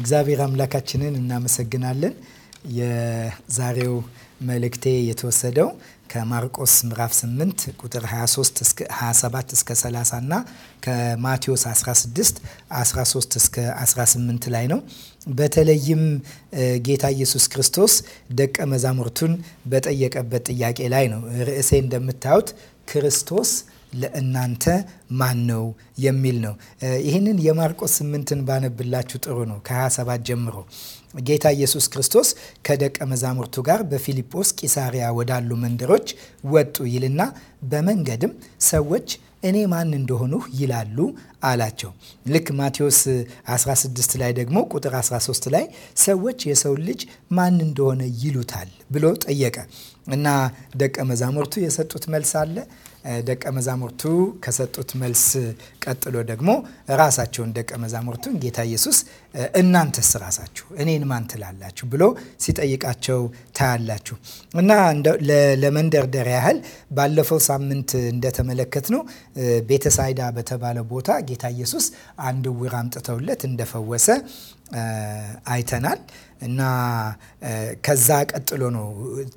እግዚአብሔር አምላካችንን እናመሰግናለን። የዛሬው መልእክቴ የተወሰደው ከማርቆስ ምዕራፍ 8 ቁጥር 23 እስከ 27 እስከ 30 እና ከማቴዎስ 16 13 እስከ 18 ላይ ነው። በተለይም ጌታ ኢየሱስ ክርስቶስ ደቀ መዛሙርቱን በጠየቀበት ጥያቄ ላይ ነው። ርዕሴ እንደምታዩት ክርስቶስ ለእናንተ ማን ነው የሚል ነው። ይህንን የማርቆስ ስምንትን ባነብላችሁ ጥሩ ነው። ከ27 ጀምሮ ጌታ ኢየሱስ ክርስቶስ ከደቀ መዛሙርቱ ጋር በፊልጶስ ቂሳሪያ ወዳሉ መንደሮች ወጡ ይልና በመንገድም ሰዎች እኔ ማን እንደሆኑ ይላሉ አላቸው። ልክ ማቴዎስ 16 ላይ ደግሞ ቁጥር 13 ላይ ሰዎች የሰው ልጅ ማን እንደሆነ ይሉታል ብሎ ጠየቀ እና ደቀ መዛሙርቱ የሰጡት መልስ አለ ደቀ መዛሙርቱ ከሰጡት መልስ ቀጥሎ ደግሞ ራሳቸውን ደቀ መዛሙርቱን ጌታ ኢየሱስ እናንተስ ራሳችሁ እኔን ማን ትላላችሁ ብሎ ሲጠይቃቸው ታያላችሁ እና ለመንደርደር ያህል ባለፈው ሳምንት እንደተመለከት ነው ቤተሳይዳ በተባለ ቦታ ጌታ ኢየሱስ አንድ ዕውር አምጥተውለት እንደፈወሰ አይተናል እና ከዛ ቀጥሎ ነው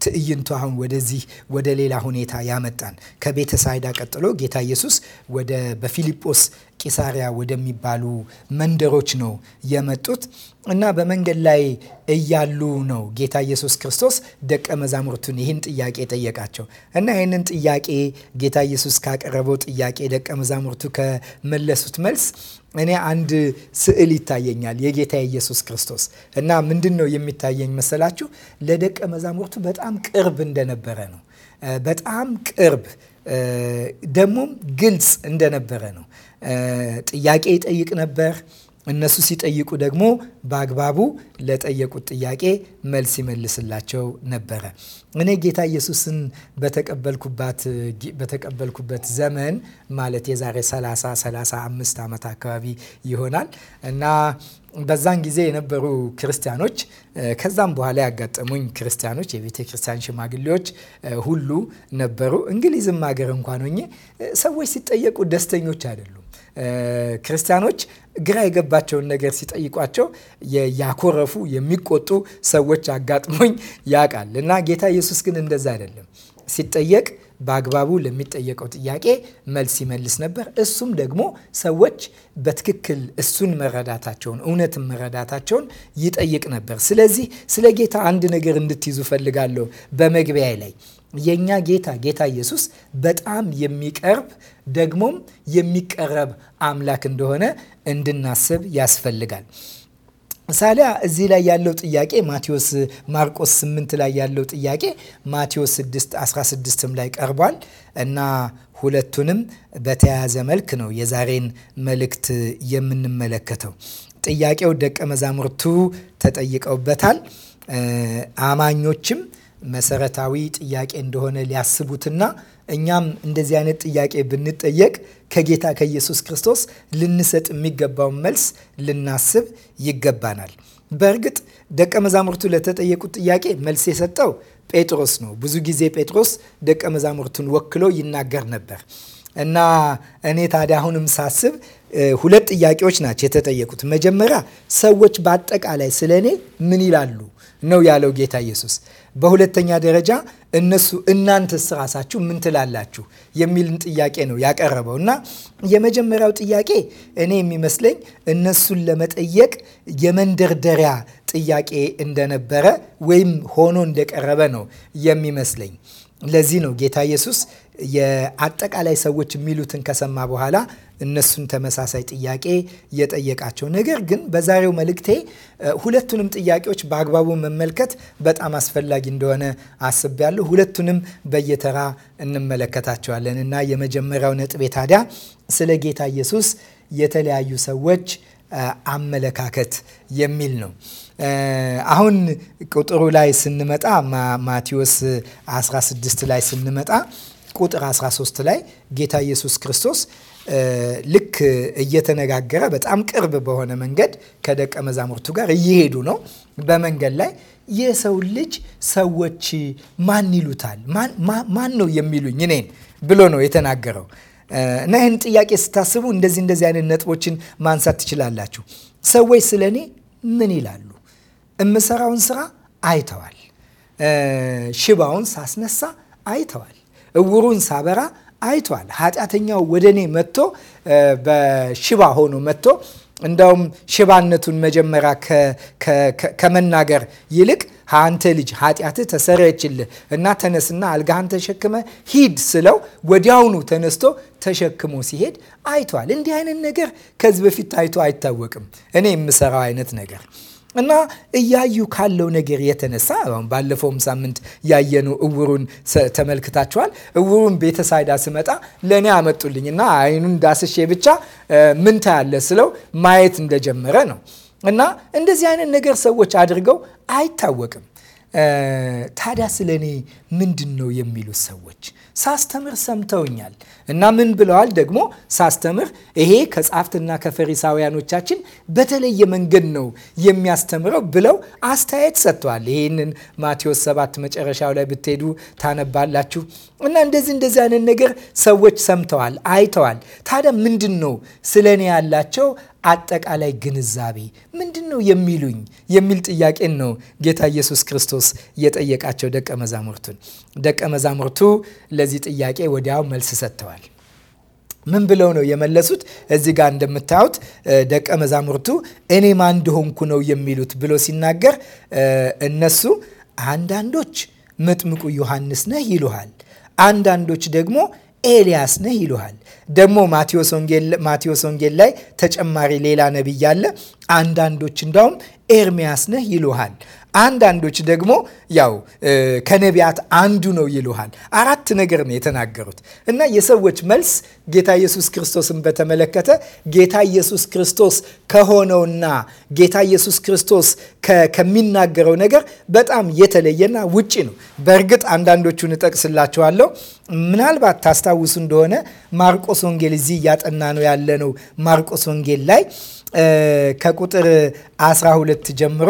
ትዕይንቱ አሁን ወደዚህ ወደ ሌላ ሁኔታ ያመጣን። ከቤተ ሳይዳ ቀጥሎ ጌታ ኢየሱስ ወደ በፊልጶስ ቂሳሪያ ወደሚባሉ መንደሮች ነው የመጡት እና በመንገድ ላይ እያሉ ነው ጌታ ኢየሱስ ክርስቶስ ደቀ መዛሙርቱን ይህን ጥያቄ ጠየቃቸው እና ይህንን ጥያቄ ጌታ ኢየሱስ ካቀረበው ጥያቄ ደቀ መዛሙርቱ ከመለሱት መልስ እኔ አንድ ስዕል ይታየኛል የጌታ ኢየሱስ ክርስቶስ እና ምንድን ነው የሚታየኝ መሰላችሁ? ለደቀ መዛሙርቱ በጣም ቅርብ እንደነበረ ነው። በጣም ቅርብ ደግሞም ግልጽ እንደነበረ ነው። ጥያቄ ይጠይቅ ነበር። እነሱ ሲጠይቁ ደግሞ በአግባቡ ለጠየቁት ጥያቄ መልስ ይመልስላቸው ነበረ። እኔ ጌታ ኢየሱስን በተቀበልኩበት ዘመን ማለት የዛሬ 30 35 ዓመት አካባቢ ይሆናል እና በዛን ጊዜ የነበሩ ክርስቲያኖች ከዛም በኋላ ያጋጠሙኝ ክርስቲያኖች የቤተ ክርስቲያን ሽማግሌዎች ሁሉ ነበሩ። እንግሊዝም ሀገር እንኳን ሆኜ ሰዎች ሲጠየቁ ደስተኞች አይደሉም። ክርስቲያኖች ግራ የገባቸውን ነገር ሲጠይቋቸው ያኮረፉ የሚቆጡ ሰዎች አጋጥሞኝ ያውቃል። እና ጌታ ኢየሱስ ግን እንደዛ አይደለም። ሲጠየቅ በአግባቡ ለሚጠየቀው ጥያቄ መልስ ይመልስ ነበር። እሱም ደግሞ ሰዎች በትክክል እሱን መረዳታቸውን እውነትን መረዳታቸውን ይጠይቅ ነበር። ስለዚህ ስለ ጌታ አንድ ነገር እንድትይዙ ፈልጋለሁ በመግቢያ ላይ የእኛ ጌታ ጌታ ኢየሱስ በጣም የሚቀርብ ደግሞም የሚቀረብ አምላክ እንደሆነ እንድናስብ ያስፈልጋል። ሳሊያ እዚህ ላይ ያለው ጥያቄ ማቴዎስ ማርቆስ 8 ላይ ያለው ጥያቄ ማቴዎስ 6 16 ላይ ቀርቧል እና ሁለቱንም በተያያዘ መልክ ነው የዛሬን መልእክት የምንመለከተው። ጥያቄው ደቀ መዛሙርቱ ተጠይቀውበታል። አማኞችም መሰረታዊ ጥያቄ እንደሆነ ሊያስቡትና እኛም እንደዚህ አይነት ጥያቄ ብንጠየቅ ከጌታ ከኢየሱስ ክርስቶስ ልንሰጥ የሚገባውን መልስ ልናስብ ይገባናል። በእርግጥ ደቀ መዛሙርቱ ለተጠየቁት ጥያቄ መልስ የሰጠው ጴጥሮስ ነው። ብዙ ጊዜ ጴጥሮስ ደቀ መዛሙርቱን ወክሎ ይናገር ነበር እና እኔ ታዲያ አሁንም ሳስብ ሁለት ጥያቄዎች ናቸው የተጠየቁት። መጀመሪያ ሰዎች በአጠቃላይ ስለ እኔ ምን ይላሉ ነው ያለው ጌታ ኢየሱስ። በሁለተኛ ደረጃ እነሱ እናንተስ ራሳችሁ ምን ትላላችሁ የሚልን ጥያቄ ነው ያቀረበው እና የመጀመሪያው ጥያቄ እኔ የሚመስለኝ እነሱን ለመጠየቅ የመንደርደሪያ ጥያቄ እንደነበረ ወይም ሆኖ እንደቀረበ ነው የሚመስለኝ። ለዚህ ነው ጌታ ኢየሱስ የአጠቃላይ ሰዎች የሚሉትን ከሰማ በኋላ እነሱን ተመሳሳይ ጥያቄ የጠየቃቸው። ነገር ግን በዛሬው መልእክቴ ሁለቱንም ጥያቄዎች በአግባቡ መመልከት በጣም አስፈላጊ እንደሆነ አስቤያለሁ። ሁለቱንም በየተራ እንመለከታቸዋለን እና የመጀመሪያው ነጥቤ ታዲያ ስለ ጌታ ኢየሱስ የተለያዩ ሰዎች አመለካከት የሚል ነው። አሁን ቁጥሩ ላይ ስንመጣ ማቴዎስ 16 ላይ ስንመጣ ቁጥር 13 ላይ ጌታ ኢየሱስ ክርስቶስ ልክ እየተነጋገረ በጣም ቅርብ በሆነ መንገድ ከደቀ መዛሙርቱ ጋር እየሄዱ ነው። በመንገድ ላይ የሰው ልጅ ሰዎች ማን ይሉታል? ማን ነው የሚሉኝ እኔን ብሎ ነው የተናገረው። እና ይህን ጥያቄ ስታስቡ እንደዚህ እንደዚህ አይነት ነጥቦችን ማንሳት ትችላላችሁ። ሰዎች ስለ እኔ ምን ይላሉ? እምሰራውን ስራ አይተዋል። ሽባውን ሳስነሳ አይተዋል። እውሩን ሳበራ አይተዋል። ኃጢአተኛው ወደ እኔ መጥቶ በሽባ ሆኖ መጥቶ እንዳውም ሽባነቱን መጀመሪያ ከመናገር ይልቅ አንተ ልጅ ኃጢአትህ ተሰረችልህ እና ተነስና አልጋህን ተሸክመ ሂድ ስለው ወዲያውኑ ተነስቶ ተሸክሞ ሲሄድ አይቷል። እንዲህ አይነት ነገር ከዚህ በፊት ታይቶ አይታወቅም። እኔ የምሰራው አይነት ነገር እና እያዩ ካለው ነገር የተነሳ አሁን ባለፈውም ሳምንት ያየኑ እውሩን ተመልክታችኋል። እውሩን ቤተሳይዳ ስመጣ ለእኔ አመጡልኝ እና አይኑን ዳስሼ ብቻ ምን ታያለ ስለው ማየት እንደጀመረ ነው። እና እንደዚህ አይነት ነገር ሰዎች አድርገው አይታወቅም። ታዲያ ስለ እኔ ምንድን ነው የሚሉት ሰዎች ሳስተምር ሰምተውኛል እና ምን ብለዋል ደግሞ ሳስተምር ይሄ ከጻፍትና ከፈሪሳውያኖቻችን በተለየ መንገድ ነው የሚያስተምረው ብለው አስተያየት ሰጥተዋል። ይህንን ማቴዎስ 7 መጨረሻው ላይ ብትሄዱ ታነባላችሁ። እና እንደዚህ እንደዚህ አይነት ነገር ሰዎች ሰምተዋል፣ አይተዋል። ታዲያ ምንድን ነው ስለ እኔ ያላቸው አጠቃላይ ግንዛቤ ምንድን ነው የሚሉኝ የሚል ጥያቄን ነው ጌታ ኢየሱስ ክርስቶስ የጠየቃቸው ደቀ መዛሙርቱን። ደቀ መዛሙርቱ ለዚህ ጥያቄ ወዲያው መልስ ሰጥተዋል። ምን ብለው ነው የመለሱት? እዚህ ጋር እንደምታዩት ደቀ መዛሙርቱ እኔ ማን እንደሆንኩ ነው የሚሉት ብሎ ሲናገር እነሱ አንዳንዶች መጥምቁ ዮሐንስ ነህ ይሉሃል፣ አንዳንዶች ደግሞ ኤልያስ ነህ ይሉሃል። ደግሞ ማቴዎስ ወንጌል ላይ ተጨማሪ ሌላ ነቢይ አለ። አንዳንዶች እንዳውም ኤርሚያስ ነህ ይሉሃል። አንዳንዶች ደግሞ ያው ከነቢያት አንዱ ነው ይሉሃል። አራት ነገር ነው የተናገሩት እና የሰዎች መልስ ጌታ ኢየሱስ ክርስቶስን በተመለከተ ጌታ ኢየሱስ ክርስቶስ ከሆነውና ጌታ ኢየሱስ ክርስቶስ ከሚናገረው ነገር በጣም የተለየና ውጪ ነው። በእርግጥ አንዳንዶቹን እጠቅስላችኋለሁ። ምናልባት ታስታውሱ እንደሆነ ማርቆስ ወንጌል እዚህ እያጠና ነው ያለነው ማርቆስ ወንጌል ላይ ከቁጥር 12 ጀምሮ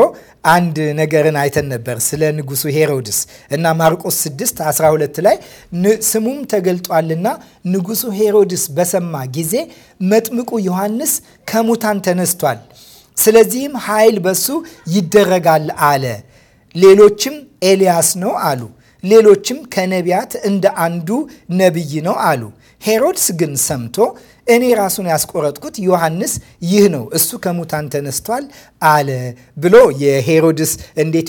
አንድ ነገርን አይተን ነበር ስለ ንጉሱ ሄሮድስ እና ማርቆስ 6 12 ላይ ስሙም ተገልጧልና ንጉሱ ሄሮድስ በሰማ ጊዜ መጥምቁ ዮሐንስ ከሙታን ተነስቷል፣ ስለዚህም ኃይል በሱ ይደረጋል አለ። ሌሎችም ኤልያስ ነው አሉ። ሌሎችም ከነቢያት እንደ አንዱ ነቢይ ነው አሉ። ሄሮድስ ግን ሰምቶ እኔ ራሱን ያስቆረጥኩት ዮሐንስ ይህ ነው፣ እሱ ከሙታን ተነስቷል አለ ብሎ የሄሮድስ እንዴት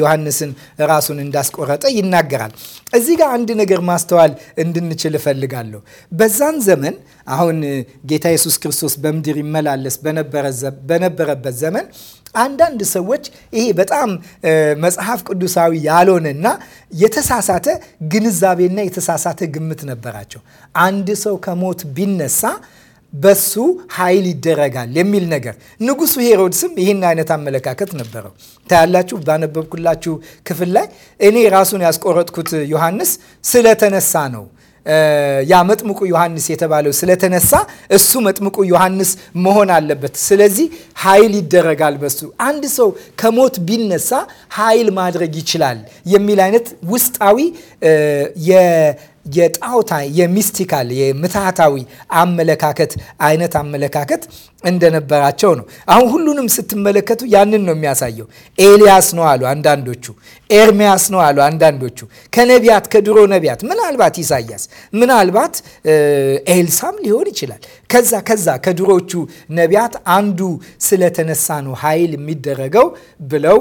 ዮሐንስን ራሱን እንዳስቆረጠ ይናገራል። እዚህ ጋር አንድ ነገር ማስተዋል እንድንችል እፈልጋለሁ። በዛን ዘመን አሁን ጌታ ኢየሱስ ክርስቶስ በምድር ይመላለስ በነበረበት ዘመን አንዳንድ ሰዎች ይሄ በጣም መጽሐፍ ቅዱሳዊ ያልሆነና የተሳሳተ ግንዛቤና የተሳሳተ ግምት ነበራቸው። አንድ ሰው ከሞት ቢነሳ በሱ ኃይል ይደረጋል የሚል ነገር። ንጉሱ ሄሮድስም ይህን አይነት አመለካከት ነበረው። ታያላችሁ፣ ባነበብኩላችሁ ክፍል ላይ እኔ ራሱን ያስቆረጥኩት ዮሐንስ ስለተነሳ ነው ያ መጥምቁ ዮሐንስ የተባለው ስለተነሳ እሱ መጥምቁ ዮሐንስ መሆን አለበት። ስለዚህ ኃይል ይደረጋል በሱ አንድ ሰው ከሞት ቢነሳ ኃይል ማድረግ ይችላል የሚል አይነት ውስጣዊ የጣዖታ የሚስቲካል የምትሃታዊ አመለካከት አይነት አመለካከት እንደነበራቸው ነው። አሁን ሁሉንም ስትመለከቱ ያንን ነው የሚያሳየው። ኤልያስ ነው አሉ አንዳንዶቹ፣ ኤርሚያስ ነው አሉ አንዳንዶቹ፣ ከነቢያት ከድሮ ነቢያት ምናልባት ኢሳያስ፣ ምናልባት ኤልሳም ሊሆን ይችላል። ከዛ ከዛ ከድሮቹ ነቢያት አንዱ ስለተነሳ ነው ኃይል የሚደረገው ብለው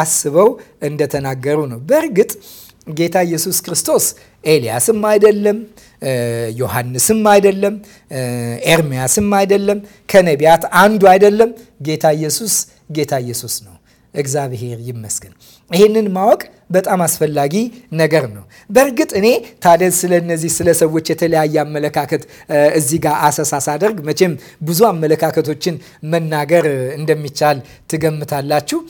አስበው እንደተናገሩ ነው። በእርግጥ ጌታ ኢየሱስ ክርስቶስ ኤልያስም አይደለም፣ ዮሐንስም አይደለም፣ ኤርሚያስም አይደለም፣ ከነቢያት አንዱ አይደለም። ጌታ ኢየሱስ ጌታ ኢየሱስ ነው። እግዚአብሔር ይመስገን። ይህንን ማወቅ በጣም አስፈላጊ ነገር ነው። በእርግጥ እኔ ታዲያ ስለ እነዚህ ስለ ሰዎች የተለያየ አመለካከት እዚህ ጋር አሰሳ ሳደርግ መቼም ብዙ አመለካከቶችን መናገር እንደሚቻል ትገምታላችሁ።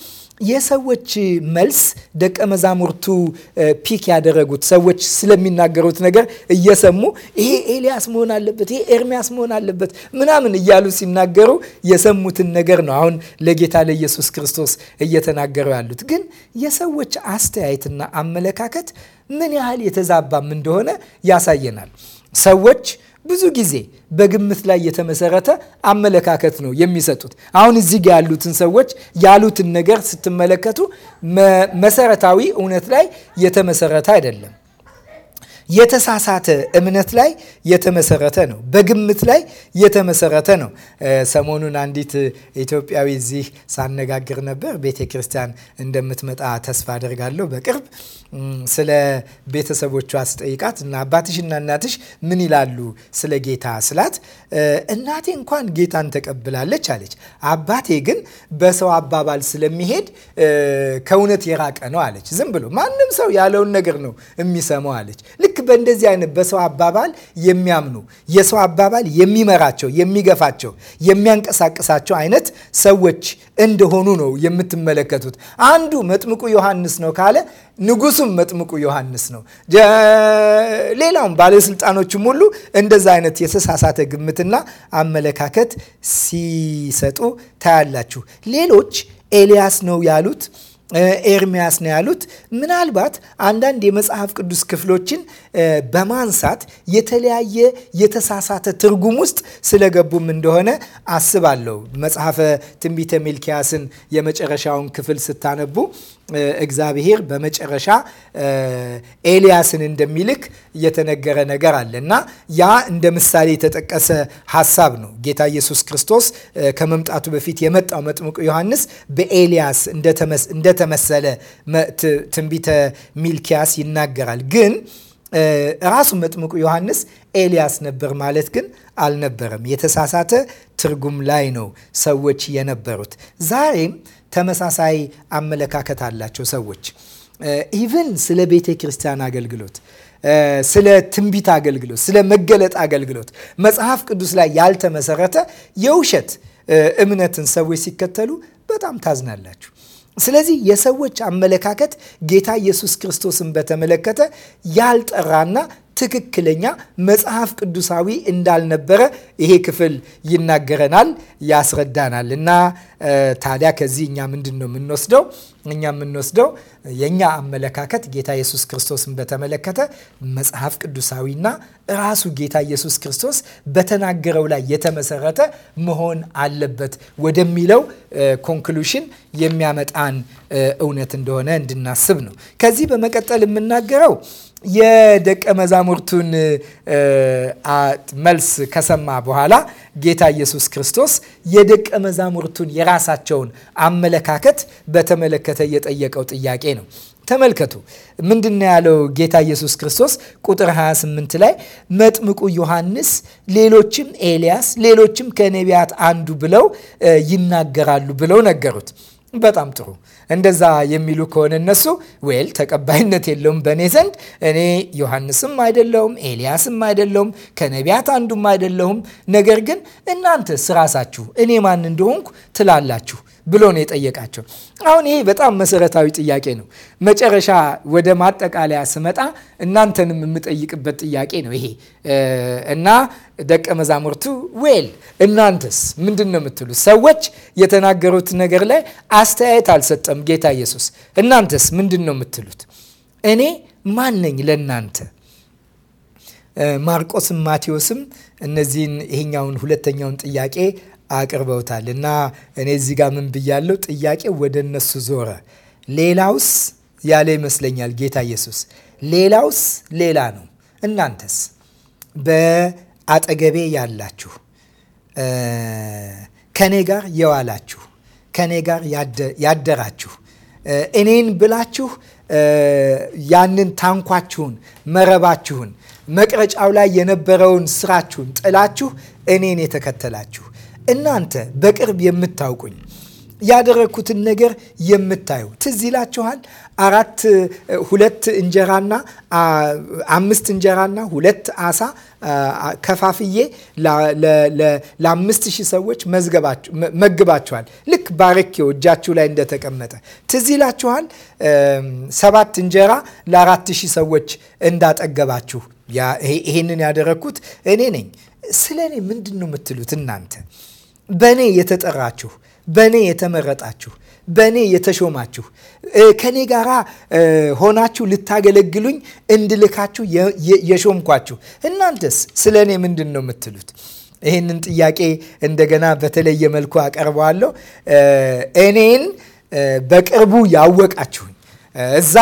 የሰዎች መልስ ደቀ መዛሙርቱ ፒክ ያደረጉት ሰዎች ስለሚናገሩት ነገር እየሰሙ ይሄ ኤልያስ መሆን አለበት፣ ይሄ ኤርሚያስ መሆን አለበት ምናምን እያሉ ሲናገሩ የሰሙትን ነገር ነው አሁን ለጌታ ለኢየሱስ ክርስቶስ እየተናገሩ ያሉት። ግን የሰዎች አስተያየትና አመለካከት ምን ያህል የተዛባም እንደሆነ ያሳየናል። ሰዎች ብዙ ጊዜ በግምት ላይ የተመሰረተ አመለካከት ነው የሚሰጡት። አሁን እዚህ ጋ ያሉትን ሰዎች ያሉትን ነገር ስትመለከቱ መሰረታዊ እውነት ላይ የተመሰረተ አይደለም። የተሳሳተ እምነት ላይ የተመሰረተ ነው። በግምት ላይ የተመሰረተ ነው። ሰሞኑን አንዲት ኢትዮጵያዊ እዚህ ሳነጋግር ነበር። ቤተ ክርስቲያን እንደምትመጣ ተስፋ አደርጋለሁ በቅርብ ስለ ቤተሰቦቿ ስጠይቃት እና አባትሽና እናትሽ ምን ይላሉ ስለ ጌታ ስላት፣ እናቴ እንኳን ጌታን ተቀብላለች አለች። አባቴ ግን በሰው አባባል ስለሚሄድ ከእውነት የራቀ ነው አለች። ዝም ብሎ ማንም ሰው ያለውን ነገር ነው የሚሰማው አለች። ልክ በእንደዚህ አይነት በሰው አባባል የሚያምኑ የሰው አባባል የሚመራቸው፣ የሚገፋቸው፣ የሚያንቀሳቅሳቸው አይነት ሰዎች እንደሆኑ ነው የምትመለከቱት። አንዱ መጥምቁ ዮሐንስ ነው ካለ ንጉሱም መጥምቁ ዮሐንስ ነው። ሌላውም ባለስልጣኖችም ሁሉ እንደዛ አይነት የተሳሳተ ግምትና አመለካከት ሲሰጡ ታያላችሁ። ሌሎች ኤልያስ ነው ያሉት ኤርሚያስ ነው ያሉት። ምናልባት አንዳንድ የመጽሐፍ ቅዱስ ክፍሎችን በማንሳት የተለያየ የተሳሳተ ትርጉም ውስጥ ስለገቡም እንደሆነ አስባለሁ። መጽሐፈ ትንቢተ ሚልኪያስን የመጨረሻውን ክፍል ስታነቡ እግዚአብሔር በመጨረሻ ኤልያስን እንደሚልክ የተነገረ ነገር አለ እና ያ እንደ ምሳሌ የተጠቀሰ ሀሳብ ነው። ጌታ ኢየሱስ ክርስቶስ ከመምጣቱ በፊት የመጣው መጥምቁ ዮሐንስ በኤልያስ እንደተመሰለ ትንቢተ ሚልኪያስ ይናገራል። ግን ራሱ መጥምቁ ዮሐንስ ኤልያስ ነበር ማለት ግን አልነበረም። የተሳሳተ ትርጉም ላይ ነው ሰዎች የነበሩት ዛሬም ተመሳሳይ አመለካከት አላቸው ሰዎች ኢቨን ስለ ቤተ ክርስቲያን አገልግሎት ስለ ትንቢት አገልግሎት፣ ስለ መገለጥ አገልግሎት መጽሐፍ ቅዱስ ላይ ያልተመሰረተ የውሸት እምነትን ሰዎች ሲከተሉ በጣም ታዝናላችሁ። ስለዚህ የሰዎች አመለካከት ጌታ ኢየሱስ ክርስቶስን በተመለከተ ያልጠራና ትክክለኛ መጽሐፍ ቅዱሳዊ እንዳልነበረ ይሄ ክፍል ይናገረናል፣ ያስረዳናል። እና ታዲያ ከዚህ እኛ ምንድን ነው የምንወስደው? እኛ የምንወስደው የእኛ አመለካከት ጌታ ኢየሱስ ክርስቶስን በተመለከተ መጽሐፍ ቅዱሳዊና ራሱ ጌታ ኢየሱስ ክርስቶስ በተናገረው ላይ የተመሰረተ መሆን አለበት ወደሚለው ኮንክሉሽን የሚያመጣን እውነት እንደሆነ እንድናስብ ነው። ከዚህ በመቀጠል የምናገረው የደቀ መዛሙርቱን መልስ ከሰማ በኋላ ጌታ ኢየሱስ ክርስቶስ የደቀ መዛሙርቱን የራሳቸውን አመለካከት በተመለከተ የጠየቀው ጥያቄ ነው። ተመልከቱ ምንድነው ያለው ጌታ ኢየሱስ ክርስቶስ ቁጥር 28 ላይ መጥምቁ ዮሐንስ፣ ሌሎችም ኤልያስ፣ ሌሎችም ከነቢያት አንዱ ብለው ይናገራሉ ብለው ነገሩት። በጣም ጥሩ እንደዛ የሚሉ ከሆነ እነሱ ዌል ተቀባይነት የለውም በእኔ ዘንድ። እኔ ዮሐንስም አይደለውም ኤልያስም አይደለውም ከነቢያት አንዱም አይደለሁም። ነገር ግን እናንተስ ራሳችሁ እኔ ማን እንደሆንኩ ትላላችሁ ብሎ ነው የጠየቃቸው። አሁን ይሄ በጣም መሰረታዊ ጥያቄ ነው። መጨረሻ ወደ ማጠቃለያ ስመጣ እናንተንም የምጠይቅበት ጥያቄ ነው ይሄ እና ደቀ መዛሙርቱ ዌል እናንተስ ምንድን ነው የምትሉ? ሰዎች የተናገሩት ነገር ላይ አስተያየት አልሰጠም ጌታ ኢየሱስ። እናንተስ ምንድን ነው የምትሉት? እኔ ማን ነኝ ለእናንተ? ማርቆስም ማቴዎስም እነዚህን ይሄኛውን ሁለተኛውን ጥያቄ አቅርበውታል እና እኔ እዚህ ጋር ምን ብያለሁ? ጥያቄ ወደ እነሱ ዞረ። ሌላውስ ያለ ይመስለኛል ጌታ ኢየሱስ። ሌላውስ ሌላ ነው። እናንተስ በአጠገቤ ያላችሁ ከኔ ጋር የዋላችሁ ከኔ ጋር ያደራችሁ እኔን ብላችሁ ያንን ታንኳችሁን፣ መረባችሁን፣ መቅረጫው ላይ የነበረውን ስራችሁን ጥላችሁ እኔን የተከተላችሁ እናንተ በቅርብ የምታውቁኝ ያደረግኩትን ነገር የምታዩ ትዝ ይላችኋል። አራት ሁለት እንጀራና አምስት እንጀራና ሁለት አሳ ከፋፍዬ ለአምስት ሺህ ሰዎች መግባችኋል። ልክ ባረኪው እጃችሁ ላይ እንደተቀመጠ ትዝ ይላችኋል። ሰባት እንጀራ ለአራት ሺህ ሰዎች እንዳጠገባችሁ ይሄንን ያደረግኩት እኔ ነኝ። ስለ እኔ ምንድን ነው የምትሉት እናንተ በእኔ የተጠራችሁ በእኔ የተመረጣችሁ በእኔ የተሾማችሁ ከኔ ጋራ ሆናችሁ ልታገለግሉኝ እንድልካችሁ የሾምኳችሁ እናንተስ ስለ እኔ ምንድን ነው የምትሉት? ይህንን ጥያቄ እንደገና በተለየ መልኩ አቀርበዋለሁ። እኔን በቅርቡ ያወቃችሁኝ እዛ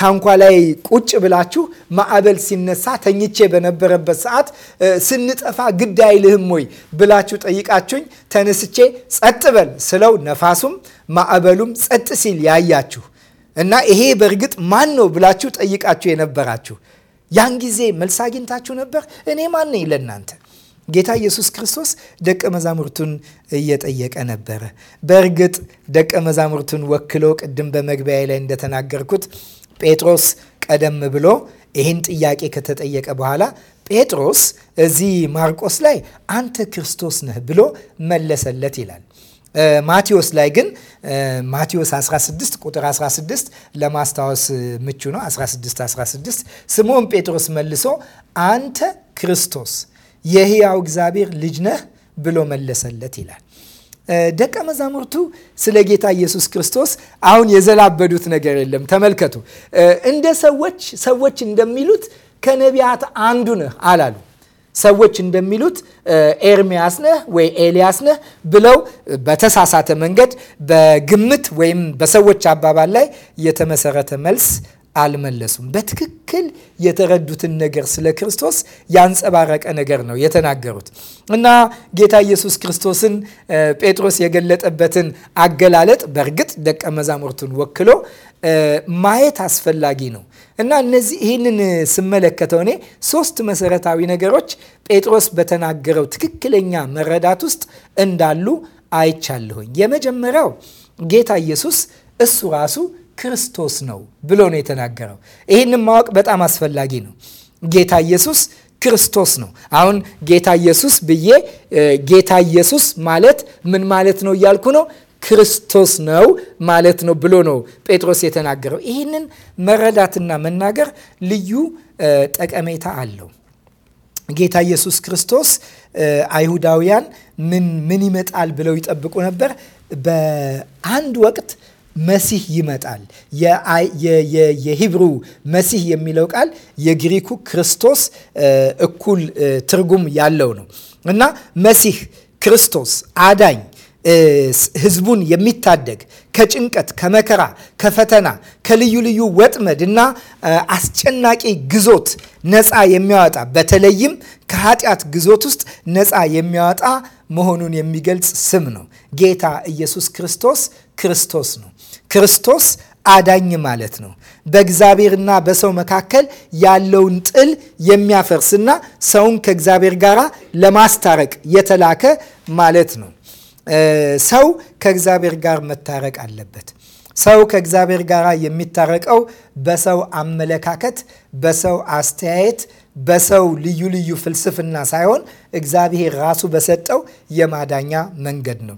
ታንኳ ላይ ቁጭ ብላችሁ ማዕበል ሲነሳ ተኝቼ በነበረበት ሰዓት ስንጠፋ ግድ አይልህም ወይ ብላችሁ ጠይቃችሁኝ ተነስቼ ጸጥ በል ስለው ነፋሱም ማዕበሉም ጸጥ ሲል ያያችሁ እና ይሄ በእርግጥ ማን ነው ብላችሁ ጠይቃችሁ የነበራችሁ ያን ጊዜ መልስ አግኝታችሁ ነበር። እኔ ማን ነኝ ለእናንተ? ጌታ ኢየሱስ ክርስቶስ ደቀ መዛሙርቱን እየጠየቀ ነበረ። በእርግጥ ደቀ መዛሙርቱን ወክሎ ቅድም በመግቢያ ላይ እንደተናገርኩት ጴጥሮስ ቀደም ብሎ ይህን ጥያቄ ከተጠየቀ በኋላ ጴጥሮስ እዚህ ማርቆስ ላይ አንተ ክርስቶስ ነህ ብሎ መለሰለት ይላል። ማቴዎስ ላይ ግን ማቴዎስ 16 ቁጥር 16 ለማስታወስ ምቹ ነው። 16 16 ስምዖን ጴጥሮስ መልሶ አንተ ክርስቶስ የሕያው እግዚአብሔር ልጅ ነህ ብሎ መለሰለት ይላል። ደቀ መዛሙርቱ ስለ ጌታ ኢየሱስ ክርስቶስ አሁን የዘላበዱት ነገር የለም። ተመልከቱ። እንደ ሰዎች ሰዎች እንደሚሉት ከነቢያት አንዱ ነህ አላሉ። ሰዎች እንደሚሉት ኤርሚያስ ነህ ወይ ኤልያስ ነህ ብለው በተሳሳተ መንገድ በግምት ወይም በሰዎች አባባል ላይ የተመሰረተ መልስ አልመለሱም። በትክክል የተረዱትን ነገር ስለ ክርስቶስ ያንጸባረቀ ነገር ነው የተናገሩት እና ጌታ ኢየሱስ ክርስቶስን ጴጥሮስ የገለጠበትን አገላለጥ በእርግጥ ደቀ መዛሙርቱን ወክሎ ማየት አስፈላጊ ነው እና እነዚህ ይህንን ስመለከተው እኔ ሶስት መሰረታዊ ነገሮች ጴጥሮስ በተናገረው ትክክለኛ መረዳት ውስጥ እንዳሉ አይቻለሁኝ። የመጀመሪያው ጌታ ኢየሱስ እሱ ራሱ ክርስቶስ ነው ብሎ ነው የተናገረው። ይህንም ማወቅ በጣም አስፈላጊ ነው። ጌታ ኢየሱስ ክርስቶስ ነው። አሁን ጌታ ኢየሱስ ብዬ ጌታ ኢየሱስ ማለት ምን ማለት ነው እያልኩ ነው ክርስቶስ ነው ማለት ነው ብሎ ነው ጴጥሮስ የተናገረው። ይህንን መረዳትና መናገር ልዩ ጠቀሜታ አለው። ጌታ ኢየሱስ ክርስቶስ አይሁዳውያን ምን ምን ይመጣል ብለው ይጠብቁ ነበር። በአንድ ወቅት መሲህ ይመጣል። የሂብሩ መሲህ የሚለው ቃል የግሪኩ ክርስቶስ እኩል ትርጉም ያለው ነው እና መሲህ ክርስቶስ አዳኝ ህዝቡን የሚታደግ ከጭንቀት፣ ከመከራ፣ ከፈተና፣ ከልዩ ልዩ ወጥመድ እና አስጨናቂ ግዞት ነፃ የሚያወጣ በተለይም ከኃጢአት ግዞት ውስጥ ነፃ የሚያወጣ መሆኑን የሚገልጽ ስም ነው። ጌታ ኢየሱስ ክርስቶስ ክርስቶስ ነው። ክርስቶስ አዳኝ ማለት ነው። በእግዚአብሔርና በሰው መካከል ያለውን ጥል የሚያፈርስና ሰውን ከእግዚአብሔር ጋር ለማስታረቅ የተላከ ማለት ነው። ሰው ከእግዚአብሔር ጋር መታረቅ አለበት። ሰው ከእግዚአብሔር ጋር የሚታረቀው በሰው አመለካከት፣ በሰው አስተያየት በሰው ልዩ ልዩ ፍልስፍና ሳይሆን እግዚአብሔር ራሱ በሰጠው የማዳኛ መንገድ ነው።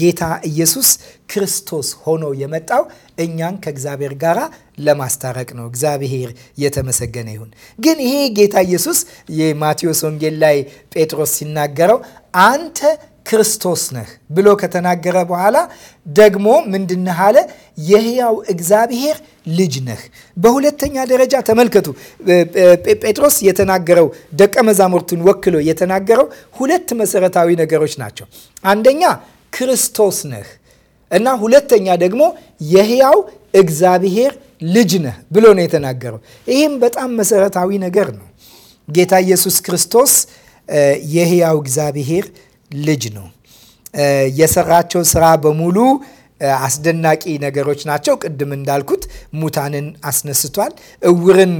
ጌታ ኢየሱስ ክርስቶስ ሆኖ የመጣው እኛን ከእግዚአብሔር ጋር ለማስታረቅ ነው። እግዚአብሔር የተመሰገነ ይሁን። ግን ይሄ ጌታ ኢየሱስ የማቴዎስ ወንጌል ላይ ጴጥሮስ ሲናገረው አንተ ክርስቶስ ነህ ብሎ ከተናገረ በኋላ ደግሞ ምንድነህ አለ? የህያው እግዚአብሔር ልጅ ነህ። በሁለተኛ ደረጃ ተመልከቱ፣ ጴጥሮስ የተናገረው ደቀ መዛሙርቱን ወክሎ የተናገረው ሁለት መሰረታዊ ነገሮች ናቸው። አንደኛ ክርስቶስ ነህ እና ሁለተኛ ደግሞ የህያው እግዚአብሔር ልጅ ነህ ብሎ ነው የተናገረው። ይህም በጣም መሰረታዊ ነገር ነው። ጌታ ኢየሱስ ክርስቶስ የህያው እግዚአብሔር ልጅ ነው። የሰራቸው ስራ በሙሉ አስደናቂ ነገሮች ናቸው። ቅድም እንዳልኩት ሙታንን አስነስቷል። እውርን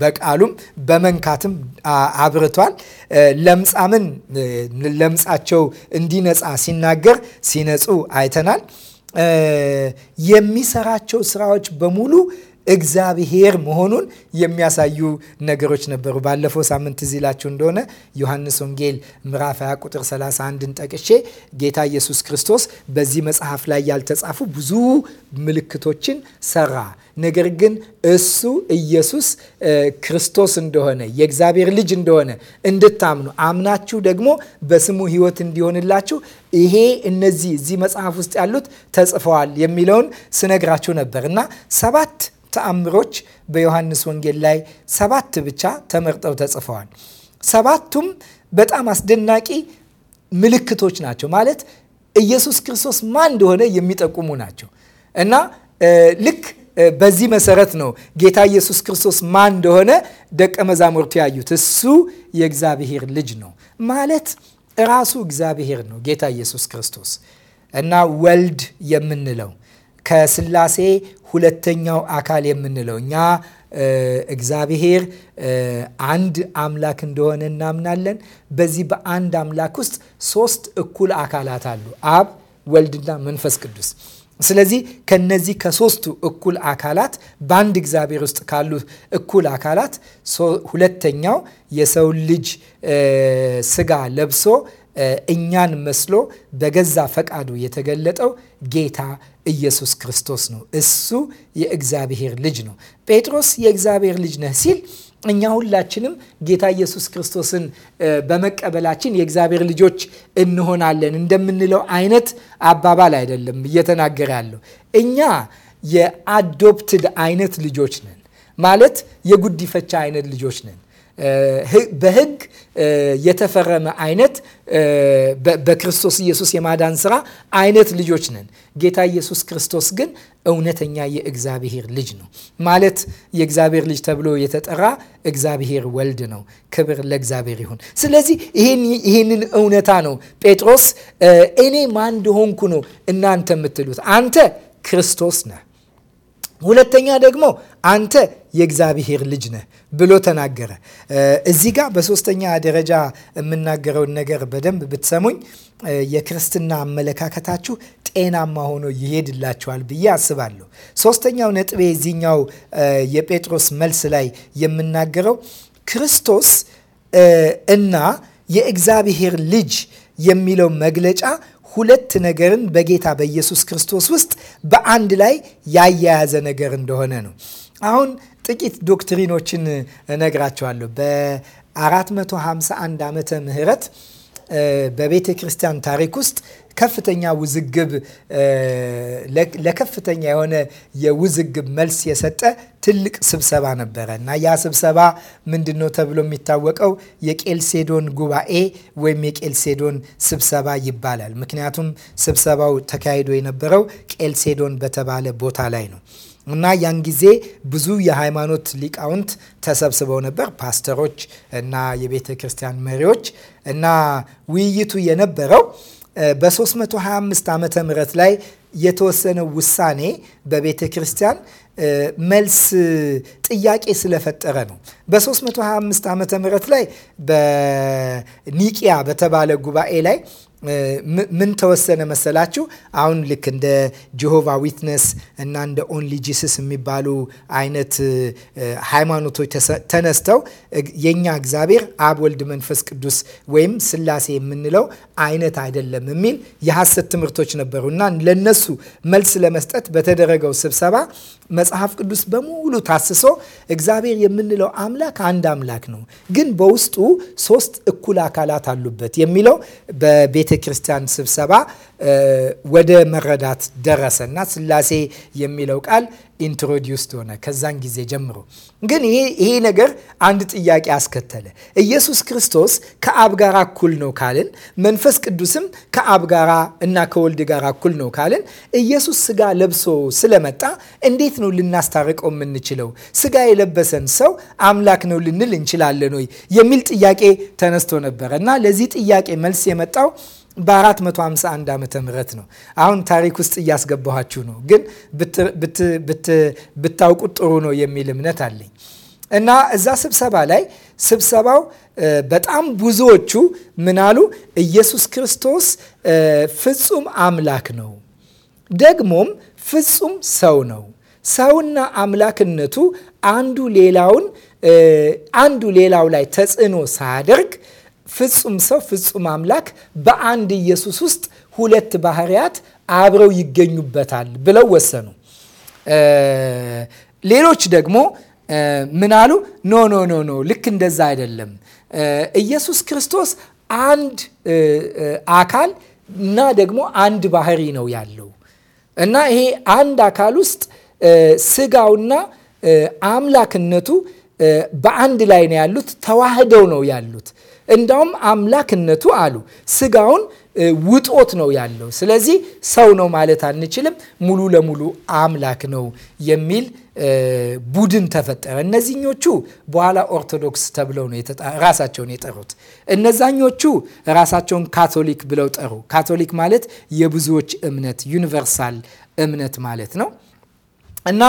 በቃሉም በመንካትም አብርቷል። ለምጻምን ለምጻቸው እንዲነጻ ሲናገር ሲነጹ አይተናል። የሚሰራቸው ስራዎች በሙሉ እግዚአብሔር መሆኑን የሚያሳዩ ነገሮች ነበሩ። ባለፈው ሳምንት እዚህ ላችሁ እንደሆነ ዮሐንስ ወንጌል ምዕራፍ 20 ቁጥር 31ን ጠቅሼ ጌታ ኢየሱስ ክርስቶስ በዚህ መጽሐፍ ላይ ያልተጻፉ ብዙ ምልክቶችን ሰራ። ነገር ግን እሱ ኢየሱስ ክርስቶስ እንደሆነ የእግዚአብሔር ልጅ እንደሆነ እንድታምኑ አምናችሁ ደግሞ በስሙ ሕይወት እንዲሆንላችሁ ይሄ እነዚህ እዚህ መጽሐፍ ውስጥ ያሉት ተጽፈዋል የሚለውን ስነግራችሁ ነበር እና ሰባት ተአምሮች በዮሐንስ ወንጌል ላይ ሰባት ብቻ ተመርጠው ተጽፈዋል። ሰባቱም በጣም አስደናቂ ምልክቶች ናቸው። ማለት ኢየሱስ ክርስቶስ ማን እንደሆነ የሚጠቁሙ ናቸው እና ልክ በዚህ መሰረት ነው ጌታ ኢየሱስ ክርስቶስ ማን እንደሆነ ደቀ መዛሙርቱ ያዩት። እሱ የእግዚአብሔር ልጅ ነው ማለት ራሱ እግዚአብሔር ነው ጌታ ኢየሱስ ክርስቶስ እና ወልድ የምንለው ከስላሴ ሁለተኛው አካል የምንለው እኛ እግዚአብሔር አንድ አምላክ እንደሆነ እናምናለን። በዚህ በአንድ አምላክ ውስጥ ሶስት እኩል አካላት አሉ፣ አብ፣ ወልድና መንፈስ ቅዱስ። ስለዚህ ከነዚህ ከሶስቱ እኩል አካላት በአንድ እግዚአብሔር ውስጥ ካሉ እኩል አካላት ሁለተኛው የሰው ልጅ ስጋ ለብሶ እኛን መስሎ በገዛ ፈቃዱ የተገለጠው ጌታ ኢየሱስ ክርስቶስ ነው። እሱ የእግዚአብሔር ልጅ ነው። ጴጥሮስ የእግዚአብሔር ልጅ ነህ ሲል እኛ ሁላችንም ጌታ ኢየሱስ ክርስቶስን በመቀበላችን የእግዚአብሔር ልጆች እንሆናለን እንደምንለው አይነት አባባል አይደለም እየተናገረ ያለው። እኛ የአዶፕትድ አይነት ልጆች ነን ማለት የጉዲፈቻ አይነት ልጆች ነን። በህግ የተፈረመ አይነት በክርስቶስ ኢየሱስ የማዳን ስራ አይነት ልጆች ነን። ጌታ ኢየሱስ ክርስቶስ ግን እውነተኛ የእግዚአብሔር ልጅ ነው። ማለት የእግዚአብሔር ልጅ ተብሎ የተጠራ እግዚአብሔር ወልድ ነው። ክብር ለእግዚአብሔር ይሁን። ስለዚህ ይህንን እውነታ ነው ጴጥሮስ እኔ ማን እንደሆንኩ ነው እናንተ የምትሉት። አንተ ክርስቶስ ነህ ሁለተኛ ደግሞ አንተ የእግዚአብሔር ልጅ ነህ ብሎ ተናገረ። እዚህ ጋር በሶስተኛ ደረጃ የምናገረውን ነገር በደንብ ብትሰሙኝ የክርስትና አመለካከታችሁ ጤናማ ሆኖ ይሄድላችኋል ብዬ አስባለሁ። ሶስተኛው ነጥቤ እዚህኛው የጴጥሮስ መልስ ላይ የምናገረው ክርስቶስ እና የእግዚአብሔር ልጅ የሚለው መግለጫ ሁለት ነገርን በጌታ በኢየሱስ ክርስቶስ ውስጥ በአንድ ላይ ያያያዘ ነገር እንደሆነ ነው። አሁን ጥቂት ዶክትሪኖችን እነግራቸዋለሁ። በ451 ዓመተ ምህረት በቤተ ክርስቲያን ታሪክ ውስጥ ከፍተኛ ውዝግብ ለከፍተኛ የሆነ የውዝግብ መልስ የሰጠ ትልቅ ስብሰባ ነበረ እና ያ ስብሰባ ምንድን ነው ተብሎ የሚታወቀው የቄልሴዶን ጉባኤ ወይም የቄልሴዶን ስብሰባ ይባላል። ምክንያቱም ስብሰባው ተካሂዶ የነበረው ቄልሴዶን በተባለ ቦታ ላይ ነው። እና ያን ጊዜ ብዙ የሃይማኖት ሊቃውንት ተሰብስበው ነበር፣ ፓስተሮች እና የቤተ ክርስቲያን መሪዎች እና ውይይቱ የነበረው በ325 ዓመተ ምህረት ላይ የተወሰነ ውሳኔ በቤተ ክርስቲያን መልስ ጥያቄ ስለፈጠረ ነው። በ325 ዓመተ ምህረት ላይ በኒቂያ በተባለ ጉባኤ ላይ ምን ተወሰነ መሰላችሁ? አሁን ልክ እንደ ጀሆቫ ዊትነስ እና እንደ ኦንሊ ጂስስ የሚባሉ አይነት ሃይማኖቶች ተነስተው የእኛ እግዚአብሔር አብ፣ ወልድ፣ መንፈስ ቅዱስ ወይም ስላሴ የምንለው አይነት አይደለም የሚል የሐሰት ትምህርቶች ነበሩ እና ለነሱ መልስ ለመስጠት በተደረገው ስብሰባ መጽሐፍ ቅዱስ በሙሉ ታስሶ እግዚአብሔር የምንለው አምላክ አንድ አምላክ ነው፣ ግን በውስጡ ሶስት እኩል አካላት አሉበት የሚለው በቤተ ክርስቲያን ስብሰባ ወደ መረዳት እና ስላሴ የሚለው ቃል ኢንትሮዲውስድ ሆነ። ከዛን ጊዜ ጀምሮ ግን ይሄ ነገር አንድ ጥያቄ አስከተለ። ኢየሱስ ክርስቶስ ከአብ ጋር እኩል ነው ካልን፣ መንፈስ ቅዱስም ከአብ ጋራ እና ከወልድ ጋር እኩል ነው ካልን፣ ኢየሱስ ስጋ ለብሶ ስለመጣ እንዴት ነው ልናስታርቀው የምንችለው? ስጋ የለበሰን ሰው አምላክ ነው ልንል እንችላለን ወይ የሚል ጥያቄ ተነስቶ ነበረ እና ለዚህ ጥያቄ መልስ የመጣው በ451 ዓመተ ምህረት ነው። አሁን ታሪክ ውስጥ እያስገባኋችሁ ነው፣ ግን ብታውቁት ጥሩ ነው የሚል እምነት አለኝ እና እዛ ስብሰባ ላይ ስብሰባው በጣም ብዙዎቹ ምናሉ ኢየሱስ ክርስቶስ ፍጹም አምላክ ነው፣ ደግሞም ፍጹም ሰው ነው። ሰውና አምላክነቱ አንዱ ሌላውን አንዱ ሌላው ላይ ተጽዕኖ ሳያደርግ ፍጹም ሰው ፍጹም አምላክ በአንድ ኢየሱስ ውስጥ ሁለት ባህርያት አብረው ይገኙበታል ብለው ወሰኑ። ሌሎች ደግሞ ምን አሉ? ኖ ኖ ኖ ኖ ልክ እንደዛ አይደለም። ኢየሱስ ክርስቶስ አንድ አካል እና ደግሞ አንድ ባህሪ ነው ያለው እና ይሄ አንድ አካል ውስጥ ስጋውና አምላክነቱ በአንድ ላይ ነው ያሉት፣ ተዋህደው ነው ያሉት እንዳውም አምላክነቱ አሉ ስጋውን ውጦት ነው ያለው። ስለዚህ ሰው ነው ማለት አንችልም፣ ሙሉ ለሙሉ አምላክ ነው የሚል ቡድን ተፈጠረ። እነዚህኞቹ በኋላ ኦርቶዶክስ ተብለው ነው ራሳቸውን የጠሩት። እነዛኞቹ ራሳቸውን ካቶሊክ ብለው ጠሩ። ካቶሊክ ማለት የብዙዎች እምነት ዩኒቨርሳል እምነት ማለት ነው እና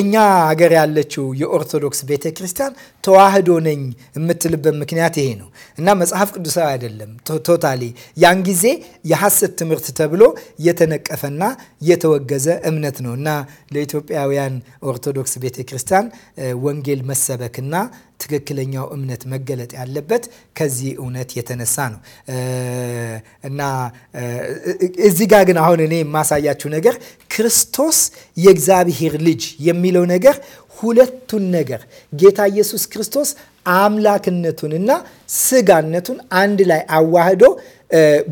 እኛ ሀገር ያለችው የኦርቶዶክስ ቤተ ክርስቲያን ተዋህዶ ነኝ የምትልበት ምክንያት ይሄ ነው እና መጽሐፍ ቅዱሳዊ አይደለም። ቶታሊ ያን ጊዜ የሐሰት ትምህርት ተብሎ የተነቀፈና የተወገዘ እምነት ነው እና ለኢትዮጵያውያን ኦርቶዶክስ ቤተ ክርስቲያን ወንጌል መሰበክና ትክክለኛው እምነት መገለጥ ያለበት ከዚህ እውነት የተነሳ ነው እና እዚህ ጋር ግን አሁን እኔ የማሳያችሁ ነገር ክርስቶስ የእግዚአብሔር ልጅ ልጅ የሚለው ነገር ሁለቱን ነገር ጌታ ኢየሱስ ክርስቶስ አምላክነቱንና ስጋነቱን አንድ ላይ አዋህዶ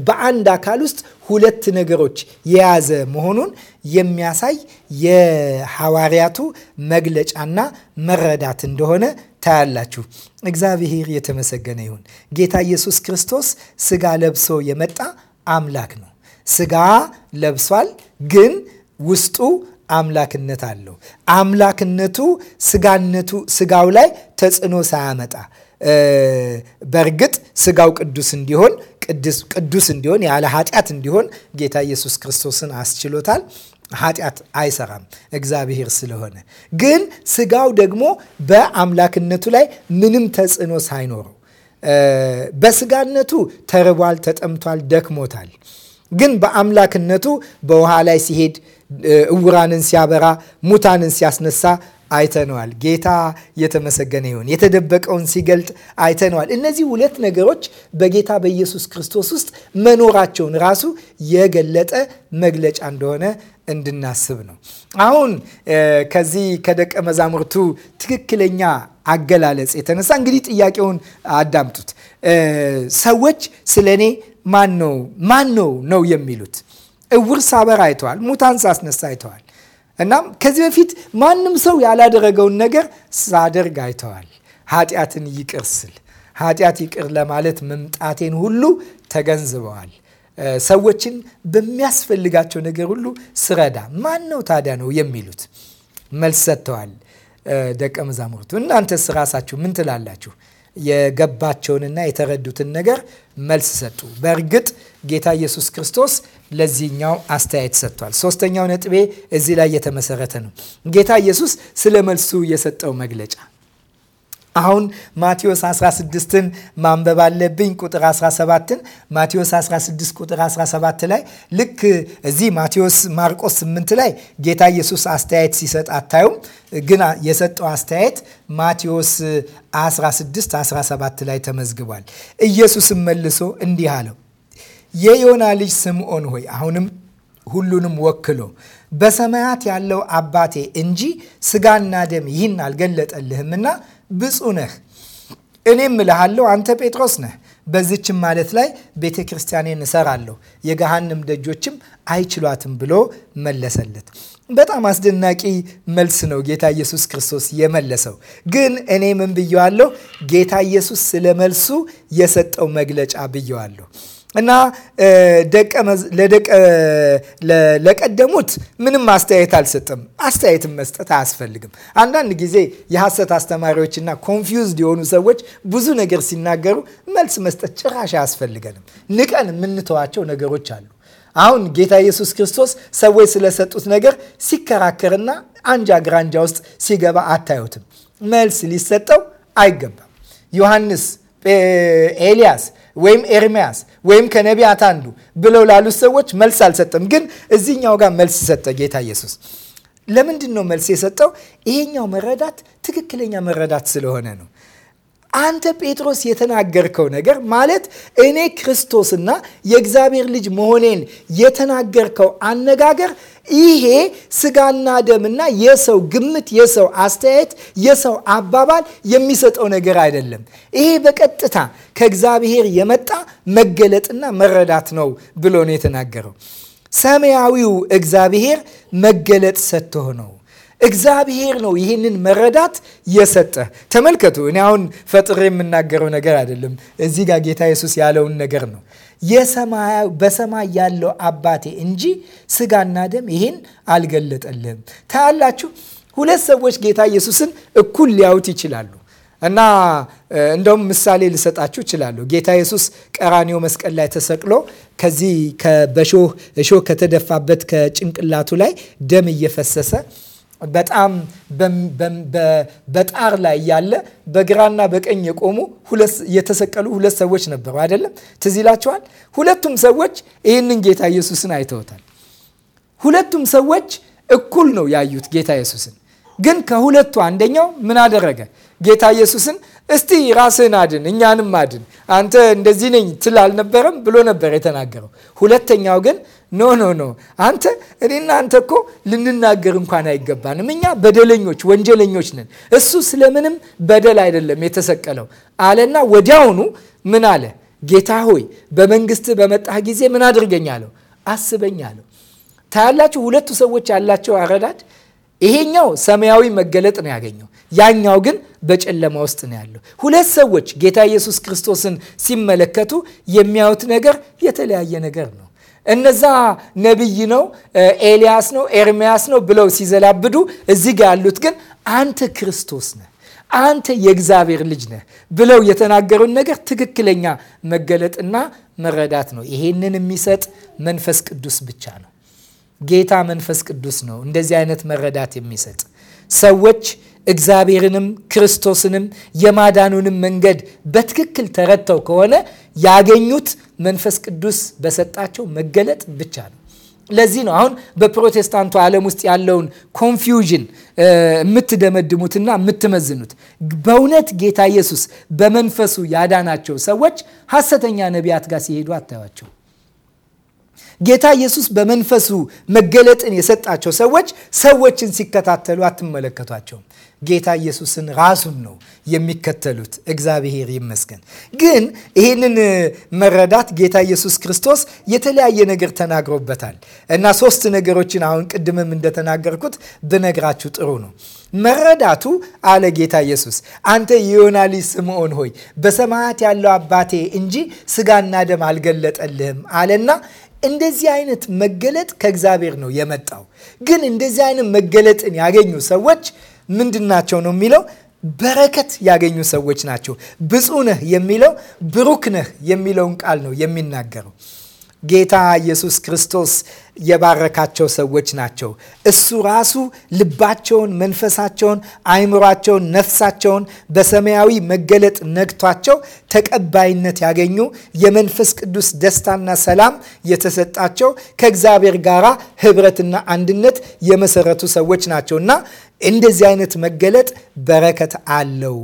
በአንድ አካል ውስጥ ሁለት ነገሮች የያዘ መሆኑን የሚያሳይ የሐዋርያቱ መግለጫና መረዳት እንደሆነ ታያላችሁ። እግዚአብሔር የተመሰገነ ይሁን። ጌታ ኢየሱስ ክርስቶስ ስጋ ለብሶ የመጣ አምላክ ነው። ስጋ ለብሷል ግን ውስጡ አምላክነት አለው። አምላክነቱ ስጋነቱ ስጋው ላይ ተጽዕኖ ሳያመጣ በእርግጥ ስጋው ቅዱስ እንዲሆን ቅዱስ እንዲሆን ያለ ኃጢአት እንዲሆን ጌታ ኢየሱስ ክርስቶስን አስችሎታል። ኃጢአት አይሰራም እግዚአብሔር ስለሆነ። ግን ስጋው ደግሞ በአምላክነቱ ላይ ምንም ተጽዕኖ ሳይኖረው በስጋነቱ ተርቧል፣ ተጠምቷል፣ ደክሞታል። ግን በአምላክነቱ በውሃ ላይ ሲሄድ እውራንን ሲያበራ፣ ሙታንን ሲያስነሳ አይተነዋል። ጌታ የተመሰገነ ይሁን። የተደበቀውን ሲገልጥ አይተነዋል። እነዚህ ሁለት ነገሮች በጌታ በኢየሱስ ክርስቶስ ውስጥ መኖራቸውን ራሱ የገለጠ መግለጫ እንደሆነ እንድናስብ ነው። አሁን ከዚህ ከደቀ መዛሙርቱ ትክክለኛ አገላለጽ የተነሳ እንግዲህ ጥያቄውን አዳምጡት። ሰዎች ስለ እኔ ማን ነው ማን ነው ነው የሚሉት እውር ሳበር አይተዋል። ሙታን ሳስነሳ አይተዋል። እናም ከዚህ በፊት ማንም ሰው ያላደረገውን ነገር ሳደርግ አይተዋል። ኃጢአትን ይቅር ስል ኃጢአት ይቅር ለማለት መምጣቴን ሁሉ ተገንዝበዋል። ሰዎችን በሚያስፈልጋቸው ነገር ሁሉ ስረዳ ማን ነው ታዲያ ነው የሚሉት መልስ ሰጥተዋል ደቀ መዛሙርቱ። እናንተስ ራሳችሁ ምን ትላላችሁ? የገባቸውንና የተረዱትን ነገር መልስ ሰጡ። በእርግጥ ጌታ ኢየሱስ ክርስቶስ ለዚህኛው አስተያየት ሰጥቷል። ሶስተኛው ነጥቤ እዚህ ላይ የተመሰረተ ነው። ጌታ ኢየሱስ ስለ መልሱ የሰጠው መግለጫ አሁን ማቴዎስ 16ን ማንበብ አለብኝ። ቁጥር 17ን ማቴዎስ 16 ቁጥር 17 ላይ ልክ እዚህ ማቴዎስ ማርቆስ 8 ላይ ጌታ ኢየሱስ አስተያየት ሲሰጥ አታዩም፣ ግን የሰጠው አስተያየት ማቴዎስ 16 17 ላይ ተመዝግቧል። ኢየሱስም መልሶ እንዲህ አለው የዮና ልጅ ስምዖን ሆይ አሁንም ሁሉንም ወክሎ በሰማያት ያለው አባቴ እንጂ ስጋና ደም ይህን አልገለጠልህምና ብፁ ነህ። እኔም እልሃለሁ አንተ ጴጥሮስ ነህ፣ በዚችም ማለት ላይ ቤተ ክርስቲያኔን እሰራለሁ፣ የገሃንም ደጆችም አይችሏትም ብሎ መለሰለት። በጣም አስደናቂ መልስ ነው ጌታ ኢየሱስ ክርስቶስ የመለሰው። ግን እኔ ምን ብየዋለሁ? ጌታ ኢየሱስ ስለ መልሱ የሰጠው መግለጫ ብየዋለሁ። እና ለቀደሙት ምንም አስተያየት አልሰጥም። አስተያየትን መስጠት አያስፈልግም። አንዳንድ ጊዜ የሐሰት አስተማሪዎችና ኮንፊውዝድ የሆኑ ሰዎች ብዙ ነገር ሲናገሩ መልስ መስጠት ጭራሽ አያስፈልገንም። ንቀን የምንተዋቸው ነገሮች አሉ። አሁን ጌታ ኢየሱስ ክርስቶስ ሰዎች ስለሰጡት ነገር ሲከራከርና አንጃ ግራንጃ ውስጥ ሲገባ አታዩትም። መልስ ሊሰጠው አይገባም። ዮሐንስ፣ ኤልያስ ወይም ኤርሚያስ ወይም ከነቢያት አንዱ ብለው ላሉት ሰዎች መልስ አልሰጠም። ግን እዚህኛው ጋር መልስ ሰጠ ጌታ ኢየሱስ። ለምንድን ነው መልስ የሰጠው? ይሄኛው መረዳት ትክክለኛ መረዳት ስለሆነ ነው። አንተ ጴጥሮስ የተናገርከው ነገር ማለት እኔ ክርስቶስና የእግዚአብሔር ልጅ መሆኔን የተናገርከው አነጋገር ይሄ ስጋና ደምና የሰው ግምት፣ የሰው አስተያየት፣ የሰው አባባል የሚሰጠው ነገር አይደለም። ይሄ በቀጥታ ከእግዚአብሔር የመጣ መገለጥና መረዳት ነው ብሎ ነው የተናገረው። ሰማያዊው እግዚአብሔር መገለጥ ሰጥቶ ነው እግዚአብሔር ነው ይህንን መረዳት የሰጠ። ተመልከቱ፣ እኔ አሁን ፈጥሬ የምናገረው ነገር አይደለም። እዚህ ጋር ጌታ ኢየሱስ ያለውን ነገር ነው። በሰማይ ያለው አባቴ እንጂ ስጋና ደም ይህን አልገለጠልህም። ታያላችሁ፣ ሁለት ሰዎች ጌታ ኢየሱስን እኩል ሊያዩት ይችላሉ። እና እንደውም ምሳሌ ልሰጣችሁ እችላለሁ። ጌታ ኢየሱስ ቀራኒዮ መስቀል ላይ ተሰቅሎ ከዚህ በሾህ እሾህ ከተደፋበት ከጭንቅላቱ ላይ ደም እየፈሰሰ በጣም በጣር ላይ ያለ በግራና በቀኝ የቆሙ የተሰቀሉ ሁለት ሰዎች ነበሩ። አይደለም ትዝ ይላችኋል? ሁለቱም ሰዎች ይህንን ጌታ ኢየሱስን አይተውታል። ሁለቱም ሰዎች እኩል ነው ያዩት ጌታ ኢየሱስን። ግን ከሁለቱ አንደኛው ምን አደረገ? ጌታ ኢየሱስን እስቲ ራስህን አድን እኛንም አድን አንተ እንደዚህ ነኝ ትል አልነበረም ብሎ ነበር የተናገረው። ሁለተኛው ግን ኖ ኖ ኖ አንተ እኔና አንተ እኮ ልንናገር እንኳን አይገባንም። እኛ በደለኞች ወንጀለኞች ነን። እሱ ስለምንም በደል አይደለም የተሰቀለው አለና ወዲያውኑ ምን አለ? ጌታ ሆይ በመንግስት በመጣህ ጊዜ ምን አድርገኝ አለው። አስበኝ አለው። ታያላችሁ ሁለቱ ሰዎች ያላቸው አረዳድ ይሄኛው ሰማያዊ መገለጥ ነው ያገኘው። ያኛው ግን በጨለማ ውስጥ ነው ያለው። ሁለት ሰዎች ጌታ ኢየሱስ ክርስቶስን ሲመለከቱ የሚያዩት ነገር የተለያየ ነገር ነው። እነዛ ነቢይ ነው፣ ኤልያስ ነው፣ ኤርሚያስ ነው ብለው ሲዘላብዱ፣ እዚህ ጋ ያሉት ግን አንተ ክርስቶስ ነህ፣ አንተ የእግዚአብሔር ልጅ ነህ ብለው የተናገሩን ነገር ትክክለኛ መገለጥና መረዳት ነው። ይሄንን የሚሰጥ መንፈስ ቅዱስ ብቻ ነው። ጌታ መንፈስ ቅዱስ ነው እንደዚህ አይነት መረዳት የሚሰጥ ሰዎች እግዚአብሔርንም ክርስቶስንም የማዳኑንም መንገድ በትክክል ተረድተው ከሆነ ያገኙት መንፈስ ቅዱስ በሰጣቸው መገለጥ ብቻ ነው። ለዚህ ነው አሁን በፕሮቴስታንቱ ዓለም ውስጥ ያለውን ኮንፊውዥን የምትደመድሙትና የምትመዝኑት። በእውነት ጌታ ኢየሱስ በመንፈሱ ያዳናቸው ሰዎች ሐሰተኛ ነቢያት ጋር ሲሄዱ አታያቸው። ጌታ ኢየሱስ በመንፈሱ መገለጥን የሰጣቸው ሰዎች ሰዎችን ሲከታተሉ አትመለከቷቸውም። ጌታ ኢየሱስን ራሱን ነው የሚከተሉት። እግዚአብሔር ይመስገን። ግን ይህንን መረዳት ጌታ ኢየሱስ ክርስቶስ የተለያየ ነገር ተናግሮበታል እና ሶስት ነገሮችን አሁን ቅድምም እንደተናገርኩት ብነግራችሁ ጥሩ ነው። መረዳቱ አለ ጌታ ኢየሱስ፣ አንተ የዮና ልጅ ስምዖን ሆይ በሰማያት ያለው አባቴ እንጂ ስጋና ደም አልገለጠልህም አለና እንደዚህ አይነት መገለጥ ከእግዚአብሔር ነው የመጣው። ግን እንደዚህ አይነት መገለጥን ያገኙ ሰዎች ምንድን ናቸው ነው የሚለው በረከት ያገኙ ሰዎች ናቸው። ብፁ ነህ የሚለው ብሩክ ነህ የሚለውን ቃል ነው የሚናገረው። ጌታ ኢየሱስ ክርስቶስ የባረካቸው ሰዎች ናቸው። እሱ ራሱ ልባቸውን፣ መንፈሳቸውን፣ አይምሯቸውን፣ ነፍሳቸውን በሰማያዊ መገለጥ ነግቷቸው ተቀባይነት ያገኙ የመንፈስ ቅዱስ ደስታና ሰላም የተሰጣቸው ከእግዚአብሔር ጋራ ህብረትና አንድነት የመሰረቱ ሰዎች ናቸው እና እንደዚህ አይነት መገለጥ በረከት አለው።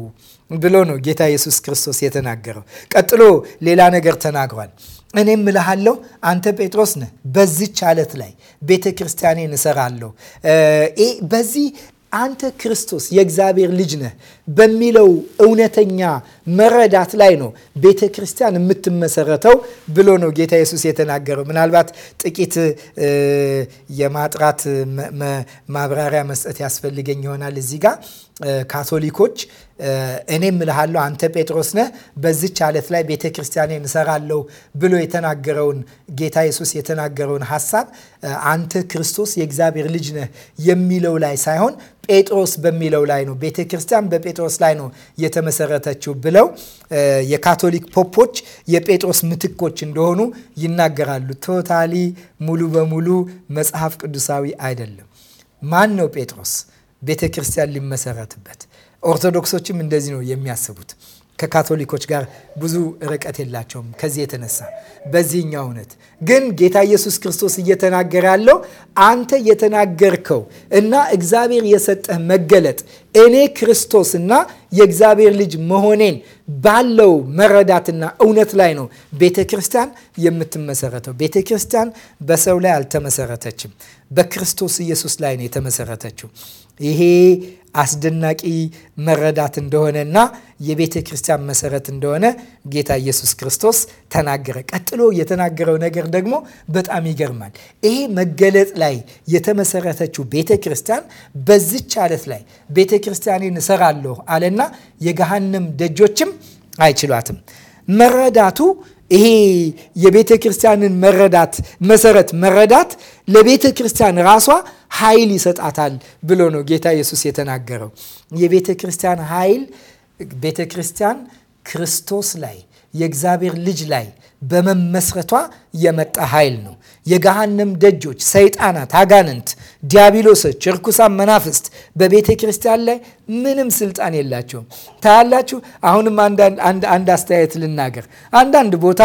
ብሎ ነው ጌታ ኢየሱስ ክርስቶስ የተናገረው። ቀጥሎ ሌላ ነገር ተናግሯል። እኔም እልሃለሁ አንተ ጴጥሮስ ነህ፣ በዚች አለት ላይ ቤተ ክርስቲያኔን እሰራለሁ። በዚህ አንተ ክርስቶስ የእግዚአብሔር ልጅ ነህ በሚለው እውነተኛ መረዳት ላይ ነው ቤተ ክርስቲያን የምትመሰረተው ብሎ ነው ጌታ ኢየሱስ የተናገረው። ምናልባት ጥቂት የማጥራት ማብራሪያ መስጠት ያስፈልገኝ ይሆናል እዚህ ጋር ካቶሊኮች እኔም ምልሃለሁ አንተ ጴጥሮስ ነህ በዚች አለት ላይ ቤተ ክርስቲያኔን እሰራለሁ ብሎ የተናገረውን ጌታ ኢየሱስ የተናገረውን ሀሳብ አንተ ክርስቶስ የእግዚአብሔር ልጅ ነህ የሚለው ላይ ሳይሆን ጴጥሮስ በሚለው ላይ ነው ቤተ ክርስቲያን በጴጥሮስ ላይ ነው የተመሰረተችው ብለው ብለው የካቶሊክ ፖፖች የጴጥሮስ ምትኮች እንደሆኑ ይናገራሉ። ቶታሊ ሙሉ በሙሉ መጽሐፍ ቅዱሳዊ አይደለም። ማን ነው ጴጥሮስ? ቤተ ክርስቲያን ሊመሰረትበት። ኦርቶዶክሶችም እንደዚህ ነው የሚያስቡት። ከካቶሊኮች ጋር ብዙ ርቀት የላቸውም። ከዚህ የተነሳ በዚህኛው እውነት ግን ጌታ ኢየሱስ ክርስቶስ እየተናገረ ያለው አንተ የተናገርከው እና እግዚአብሔር የሰጠህ መገለጥ እኔ ክርስቶስና የእግዚአብሔር ልጅ መሆኔን ባለው መረዳትና እውነት ላይ ነው ቤተ ክርስቲያን የምትመሰረተው። ቤተ ክርስቲያን በሰው ላይ አልተመሰረተችም፣ በክርስቶስ ኢየሱስ ላይ ነው የተመሰረተችው። ይሄ አስደናቂ መረዳት እንደሆነና የቤተ ክርስቲያን መሰረት እንደሆነ ጌታ ኢየሱስ ክርስቶስ ተናገረ። ቀጥሎ የተናገረው ነገር ደግሞ በጣም ይገርማል። ይሄ መገለጥ ላይ የተመሰረተችው ቤተ ክርስቲያን በዚች አለት ላይ ቤተ ክርስቲያኔን እሰራለሁ አለና የገሃንም ደጆችም አይችሏትም። መረዳቱ ይሄ የቤተ ክርስቲያንን መረዳት መሰረት መረዳት ለቤተ ክርስቲያን ራሷ ኃይል ይሰጣታል ብሎ ነው ጌታ ኢየሱስ የተናገረው። የቤተ ክርስቲያን ኃይል ቤተ ክርስቲያን ክርስቶስ ላይ የእግዚአብሔር ልጅ ላይ በመመስረቷ የመጣ ኃይል ነው። የገሃንም ደጆች፣ ሰይጣናት፣ አጋንንት፣ ዲያብሎሶች፣ እርኩሳን መናፍስት በቤተ ክርስቲያን ላይ ምንም ስልጣን የላቸውም። ታያላችሁ። አሁንም አንድ አስተያየት ልናገር። አንዳንድ ቦታ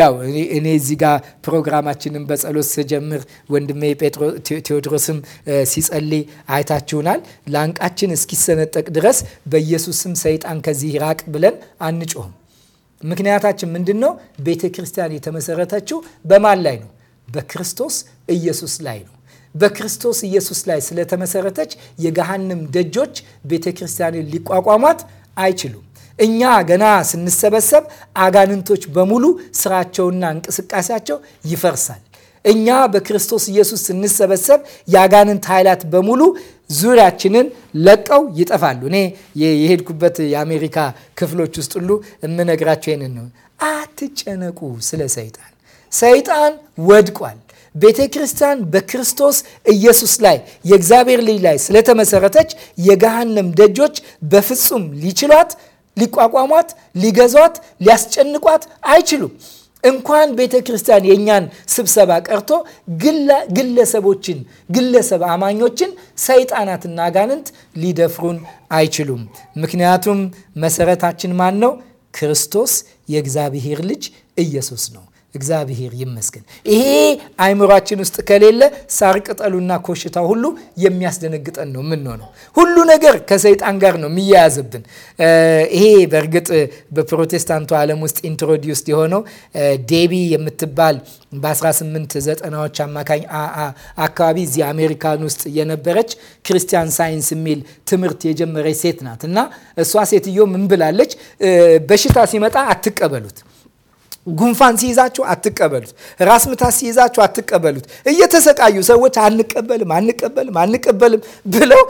ያው እኔ እዚህ ጋር ፕሮግራማችንን በጸሎት ስጀምር ወንድሜ ቴዎድሮስም ሲጸልይ አይታችሁናል። ላንቃችን እስኪሰነጠቅ ድረስ በኢየሱስም ሰይጣን ከዚህ ራቅ ብለን አንጮህም። ምክንያታችን ምንድን ነው? ቤተ ክርስቲያን የተመሰረተችው በማን ላይ ነው? በክርስቶስ ኢየሱስ ላይ ነው። በክርስቶስ ኢየሱስ ላይ ስለተመሰረተች የገሃንም ደጆች ቤተ ክርስቲያንን ሊቋቋሟት አይችሉም። እኛ ገና ስንሰበሰብ አጋንንቶች በሙሉ ስራቸውና እንቅስቃሴያቸው ይፈርሳል። እኛ በክርስቶስ ኢየሱስ ስንሰበሰብ የአጋንንት ኃይላት በሙሉ ዙሪያችንን ለቀው ይጠፋሉ። እኔ የሄድኩበት የአሜሪካ ክፍሎች ውስጥ ሁሉ የምነግራቸው ይንን ነው። አትጨነቁ ስለ ሰይጣን። ሰይጣን ወድቋል። ቤተ ክርስቲያን በክርስቶስ ኢየሱስ ላይ የእግዚአብሔር ልጅ ላይ ስለተመሰረተች የገሃነም ደጆች በፍጹም ሊችሏት ሊቋቋሟት፣ ሊገዟት፣ ሊያስጨንቋት አይችሉም። እንኳን ቤተ ክርስቲያን የእኛን ስብሰባ ቀርቶ ግለሰቦችን ግለሰብ አማኞችን ሰይጣናትና አጋንንት ሊደፍሩን አይችሉም። ምክንያቱም መሰረታችን ማን ነው? ክርስቶስ የእግዚአብሔር ልጅ ኢየሱስ ነው። እግዚአብሔር ይመስገን። ይሄ አይምሯችን ውስጥ ከሌለ ሳር ቅጠሉና ኮሽታ ሁሉ የሚያስደነግጠን ነው የምንሆነው። ሁሉ ነገር ከሰይጣን ጋር ነው የሚያያዝብን። ይሄ በእርግጥ በፕሮቴስታንቱ ዓለም ውስጥ ኢንትሮዲውስድ የሆነው ዴቢ የምትባል በ1890ዎች አማካኝ አካባቢ እዚህ አሜሪካን ውስጥ የነበረች ክርስቲያን ሳይንስ የሚል ትምህርት የጀመረች ሴት ናት እና እሷ ሴትዮ ምን ብላለች? በሽታ ሲመጣ አትቀበሉት ጉንፋን ሲይዛችሁ አትቀበሉት። ራስ ምታት ሲይዛችሁ አትቀበሉት። እየተሰቃዩ ሰዎች አንቀበልም አንቀበልም አንቀበልም ብለው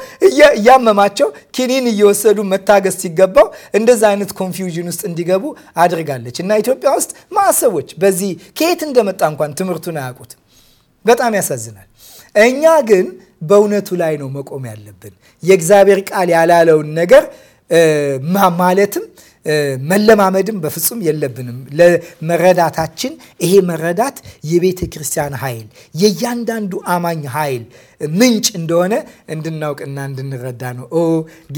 እያመማቸው ኪኒን እየወሰዱ መታገስ ሲገባው እንደዛ አይነት ኮንፊውዥን ውስጥ እንዲገቡ አድርጋለች እና ኢትዮጵያ ውስጥ ማዕት ሰዎች በዚህ ከየት እንደመጣ እንኳን ትምህርቱን አያውቁት። በጣም ያሳዝናል። እኛ ግን በእውነቱ ላይ ነው መቆም ያለብን። የእግዚአብሔር ቃል ያላለውን ነገር ማለትም መለማመድም በፍጹም የለብንም። ለመረዳታችን ይሄ መረዳት የቤተ ክርስቲያን ኃይል የእያንዳንዱ አማኝ ኃይል ምንጭ እንደሆነ እንድናውቅና እንድንረዳ ነው። ኦ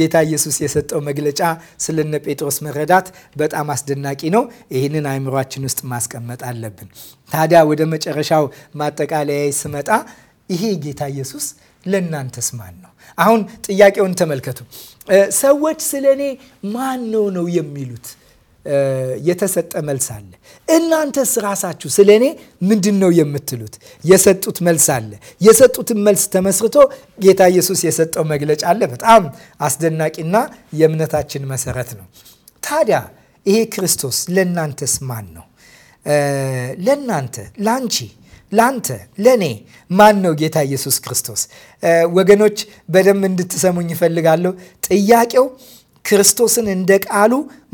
ጌታ ኢየሱስ የሰጠው መግለጫ ስለነ ጴጥሮስ መረዳት በጣም አስደናቂ ነው። ይህንን አይምሯችን ውስጥ ማስቀመጥ አለብን። ታዲያ ወደ መጨረሻው ማጠቃለያ ስመጣ ይሄ ጌታ ኢየሱስ ለእናንተስ ማን ነው? አሁን ጥያቄውን ተመልከቱ። ሰዎች ስለ እኔ ማን ነው ነው የሚሉት የተሰጠ መልስ አለ። እናንተስ ራሳችሁ ስለ እኔ ምንድን ነው የምትሉት? የሰጡት መልስ አለ። የሰጡትን መልስ ተመስርቶ ጌታ ኢየሱስ የሰጠው መግለጫ አለ። በጣም አስደናቂና የእምነታችን መሰረት ነው። ታዲያ ይሄ ክርስቶስ ለእናንተስ ማን ነው? ለእናንተ ላንቺ? ለአንተ ለእኔ ማን ነው ጌታ ኢየሱስ ክርስቶስ? ወገኖች በደንብ እንድትሰሙኝ ይፈልጋለሁ። ጥያቄው ክርስቶስን እንደ ቃሉ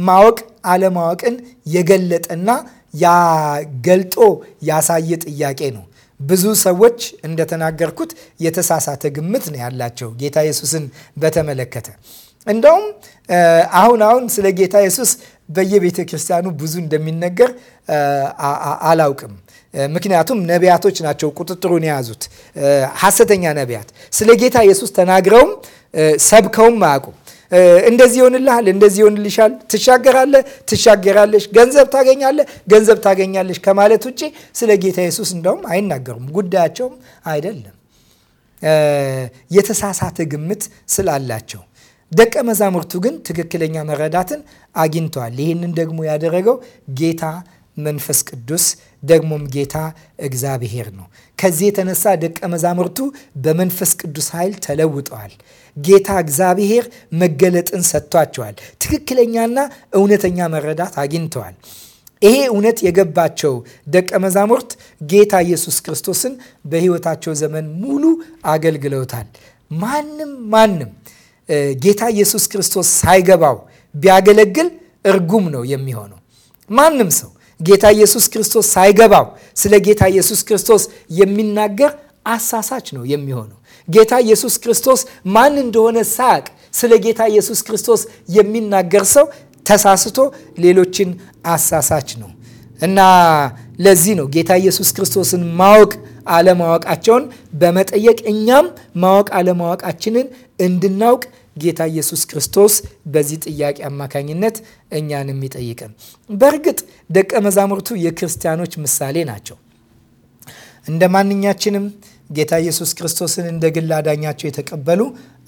ማወቅ አለማወቅን የገለጠና ያገልጦ ያሳየ ጥያቄ ነው። ብዙ ሰዎች እንደተናገርኩት የተሳሳተ ግምት ነው ያላቸው ጌታ ኢየሱስን በተመለከተ። እንደውም አሁን አሁን ስለ ጌታ ኢየሱስ በየቤተ ክርስቲያኑ ብዙ እንደሚነገር አላውቅም። ምክንያቱም ነቢያቶች ናቸው ቁጥጥሩን የያዙት። ሐሰተኛ ነቢያት ስለ ጌታ ኢየሱስ ተናግረውም ሰብከውም አያውቁም። እንደዚህ ይሆንልሃል፣ እንደዚህ ይሆንልሻል፣ ትሻገራለህ፣ ትሻገራለሽ፣ ገንዘብ ታገኛለህ፣ ገንዘብ ታገኛለሽ ከማለት ውጭ ስለ ጌታ ኢየሱስ እንደውም አይናገሩም። ጉዳያቸውም አይደለም። የተሳሳተ ግምት ስላላቸው ደቀ መዛሙርቱ ግን ትክክለኛ መረዳትን አግኝተዋል። ይህንን ደግሞ ያደረገው ጌታ መንፈስ ቅዱስ ደግሞም ጌታ እግዚአብሔር ነው። ከዚህ የተነሳ ደቀ መዛሙርቱ በመንፈስ ቅዱስ ኃይል ተለውጠዋል። ጌታ እግዚአብሔር መገለጥን ሰጥቷቸዋል። ትክክለኛና እውነተኛ መረዳት አግኝተዋል። ይሄ እውነት የገባቸው ደቀ መዛሙርት ጌታ ኢየሱስ ክርስቶስን በሕይወታቸው ዘመን ሙሉ አገልግለውታል። ማንም ማንም ጌታ ኢየሱስ ክርስቶስ ሳይገባው ቢያገለግል እርጉም ነው የሚሆነው ማንም ሰው ጌታ ኢየሱስ ክርስቶስ ሳይገባው ስለ ጌታ ኢየሱስ ክርስቶስ የሚናገር አሳሳች ነው የሚሆነው። ጌታ ኢየሱስ ክርስቶስ ማን እንደሆነ ሳያቅ ስለ ጌታ ኢየሱስ ክርስቶስ የሚናገር ሰው ተሳስቶ ሌሎችን አሳሳች ነው እና ለዚህ ነው ጌታ ኢየሱስ ክርስቶስን ማወቅ አለማወቃቸውን በመጠየቅ እኛም ማወቅ አለማወቃችንን እንድናውቅ ጌታ ኢየሱስ ክርስቶስ በዚህ ጥያቄ አማካኝነት እኛን የሚጠይቅን። በእርግጥ ደቀ መዛሙርቱ የክርስቲያኖች ምሳሌ ናቸው። እንደ ማንኛችንም ጌታ ኢየሱስ ክርስቶስን እንደ ግል አዳኛቸው የተቀበሉ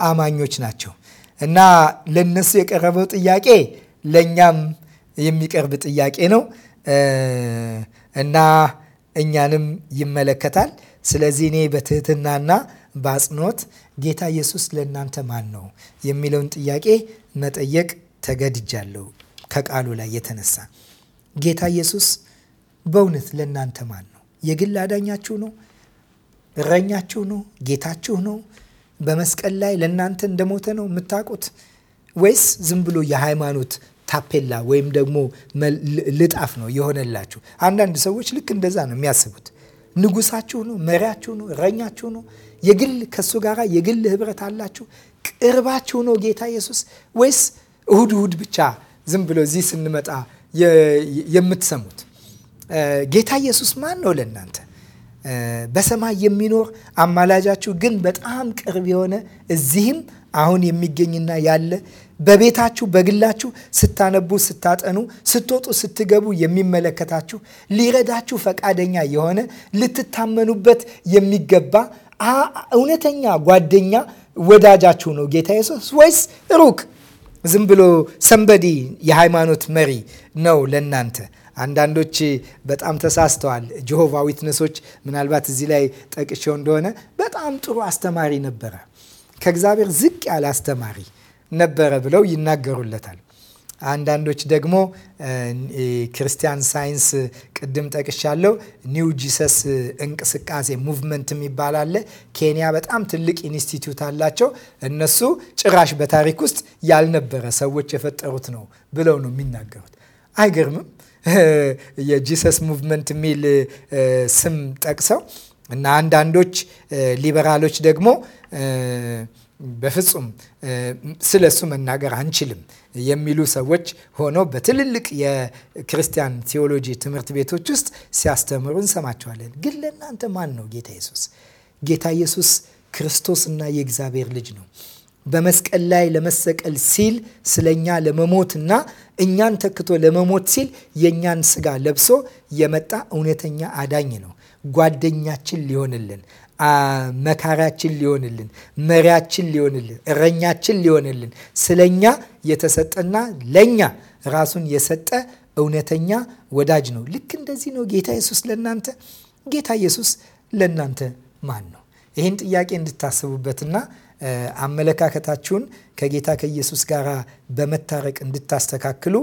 አማኞች ናቸው እና ለነሱ የቀረበው ጥያቄ ለእኛም የሚቀርብ ጥያቄ ነው እና እኛንም ይመለከታል። ስለዚህ እኔ በትህትናና በአጽንኦት ጌታ ኢየሱስ ለእናንተ ማን ነው የሚለውን ጥያቄ መጠየቅ ተገድጃለሁ። ከቃሉ ላይ የተነሳ ጌታ ኢየሱስ በእውነት ለእናንተ ማን ነው? የግል አዳኛችሁ ነው? እረኛችሁ ነው? ጌታችሁ ነው? በመስቀል ላይ ለእናንተ እንደሞተ ነው የምታውቁት? ወይስ ዝም ብሎ የሃይማኖት ታፔላ ወይም ደግሞ ልጣፍ ነው የሆነላችሁ? አንዳንድ ሰዎች ልክ እንደዛ ነው የሚያስቡት። ንጉሳችሁ ነው? መሪያችሁ ነው? እረኛችሁ ነው? የግል ከእሱ ጋር የግል ህብረት አላችሁ? ቅርባችሁ ነው ጌታ ኢየሱስ ወይስ እሁድ እሁድ ብቻ ዝም ብሎ እዚህ ስንመጣ የምትሰሙት? ጌታ ኢየሱስ ማን ነው ለእናንተ? በሰማይ የሚኖር አማላጃችሁ ግን በጣም ቅርብ የሆነ እዚህም አሁን የሚገኝና ያለ በቤታችሁ በግላችሁ ስታነቡ፣ ስታጠኑ፣ ስትወጡ፣ ስትገቡ የሚመለከታችሁ ሊረዳችሁ ፈቃደኛ የሆነ ልትታመኑበት የሚገባ እውነተኛ ጓደኛ ወዳጃችሁ ነው ጌታ ኢየሱስ ወይስ ሩቅ ዝም ብሎ ሰንበዲ የሃይማኖት መሪ ነው ለእናንተ? አንዳንዶች በጣም ተሳስተዋል። ጆሆቫ ዊትነሶች ምናልባት እዚህ ላይ ጠቅሸው እንደሆነ በጣም ጥሩ አስተማሪ ነበረ፣ ከእግዚአብሔር ዝቅ ያለ አስተማሪ ነበረ ብለው ይናገሩለታል። አንዳንዶች ደግሞ ክርስቲያን ሳይንስ ቅድም ጠቅሻለሁ። ኒው ጂሰስ እንቅስቃሴ ሙቭመንት የሚባል አለ። ኬንያ በጣም ትልቅ ኢንስቲትዩት አላቸው። እነሱ ጭራሽ በታሪክ ውስጥ ያልነበረ ሰዎች የፈጠሩት ነው ብለው ነው የሚናገሩት። አይገርምም? የጂሰስ ሙቭመንት የሚል ስም ጠቅሰው እና አንዳንዶች ሊበራሎች ደግሞ በፍጹም ስለ እሱ መናገር አንችልም የሚሉ ሰዎች ሆነው በትልልቅ የክርስቲያን ቴዎሎጂ ትምህርት ቤቶች ውስጥ ሲያስተምሩ እንሰማቸዋለን። ግን ለእናንተ ማን ነው ጌታ ኢየሱስ? ጌታ ኢየሱስ ክርስቶስና የእግዚአብሔር ልጅ ነው። በመስቀል ላይ ለመሰቀል ሲል ስለኛ ለመሞትና እኛን ተክቶ ለመሞት ሲል የእኛን ስጋ ለብሶ የመጣ እውነተኛ አዳኝ ነው። ጓደኛችን ሊሆንልን መካሪያችን ሊሆንልን፣ መሪያችን ሊሆንልን፣ እረኛችን ሊሆንልን ስለኛ የተሰጠና ለኛ ራሱን የሰጠ እውነተኛ ወዳጅ ነው። ልክ እንደዚህ ነው ጌታ ኢየሱስ ለእናንተ። ጌታ ኢየሱስ ለእናንተ ማን ነው? ይህን ጥያቄ እንድታስቡበትና አመለካከታችሁን ከጌታ ከኢየሱስ ጋር በመታረቅ እንድታስተካክሉ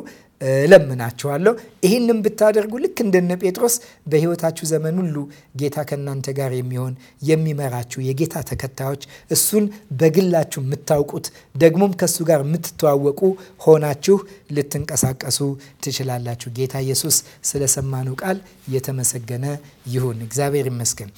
እለምናችኋለሁ። ይህንም ብታደርጉ ልክ እንደነ ጴጥሮስ በህይወታችሁ ዘመን ሁሉ ጌታ ከእናንተ ጋር የሚሆን የሚመራችሁ የጌታ ተከታዮች እሱን በግላችሁ የምታውቁት ደግሞም ከእሱ ጋር የምትተዋወቁ ሆናችሁ ልትንቀሳቀሱ ትችላላችሁ። ጌታ ኢየሱስ ስለሰማነው ቃል የተመሰገነ ይሁን። እግዚአብሔር ይመስገን።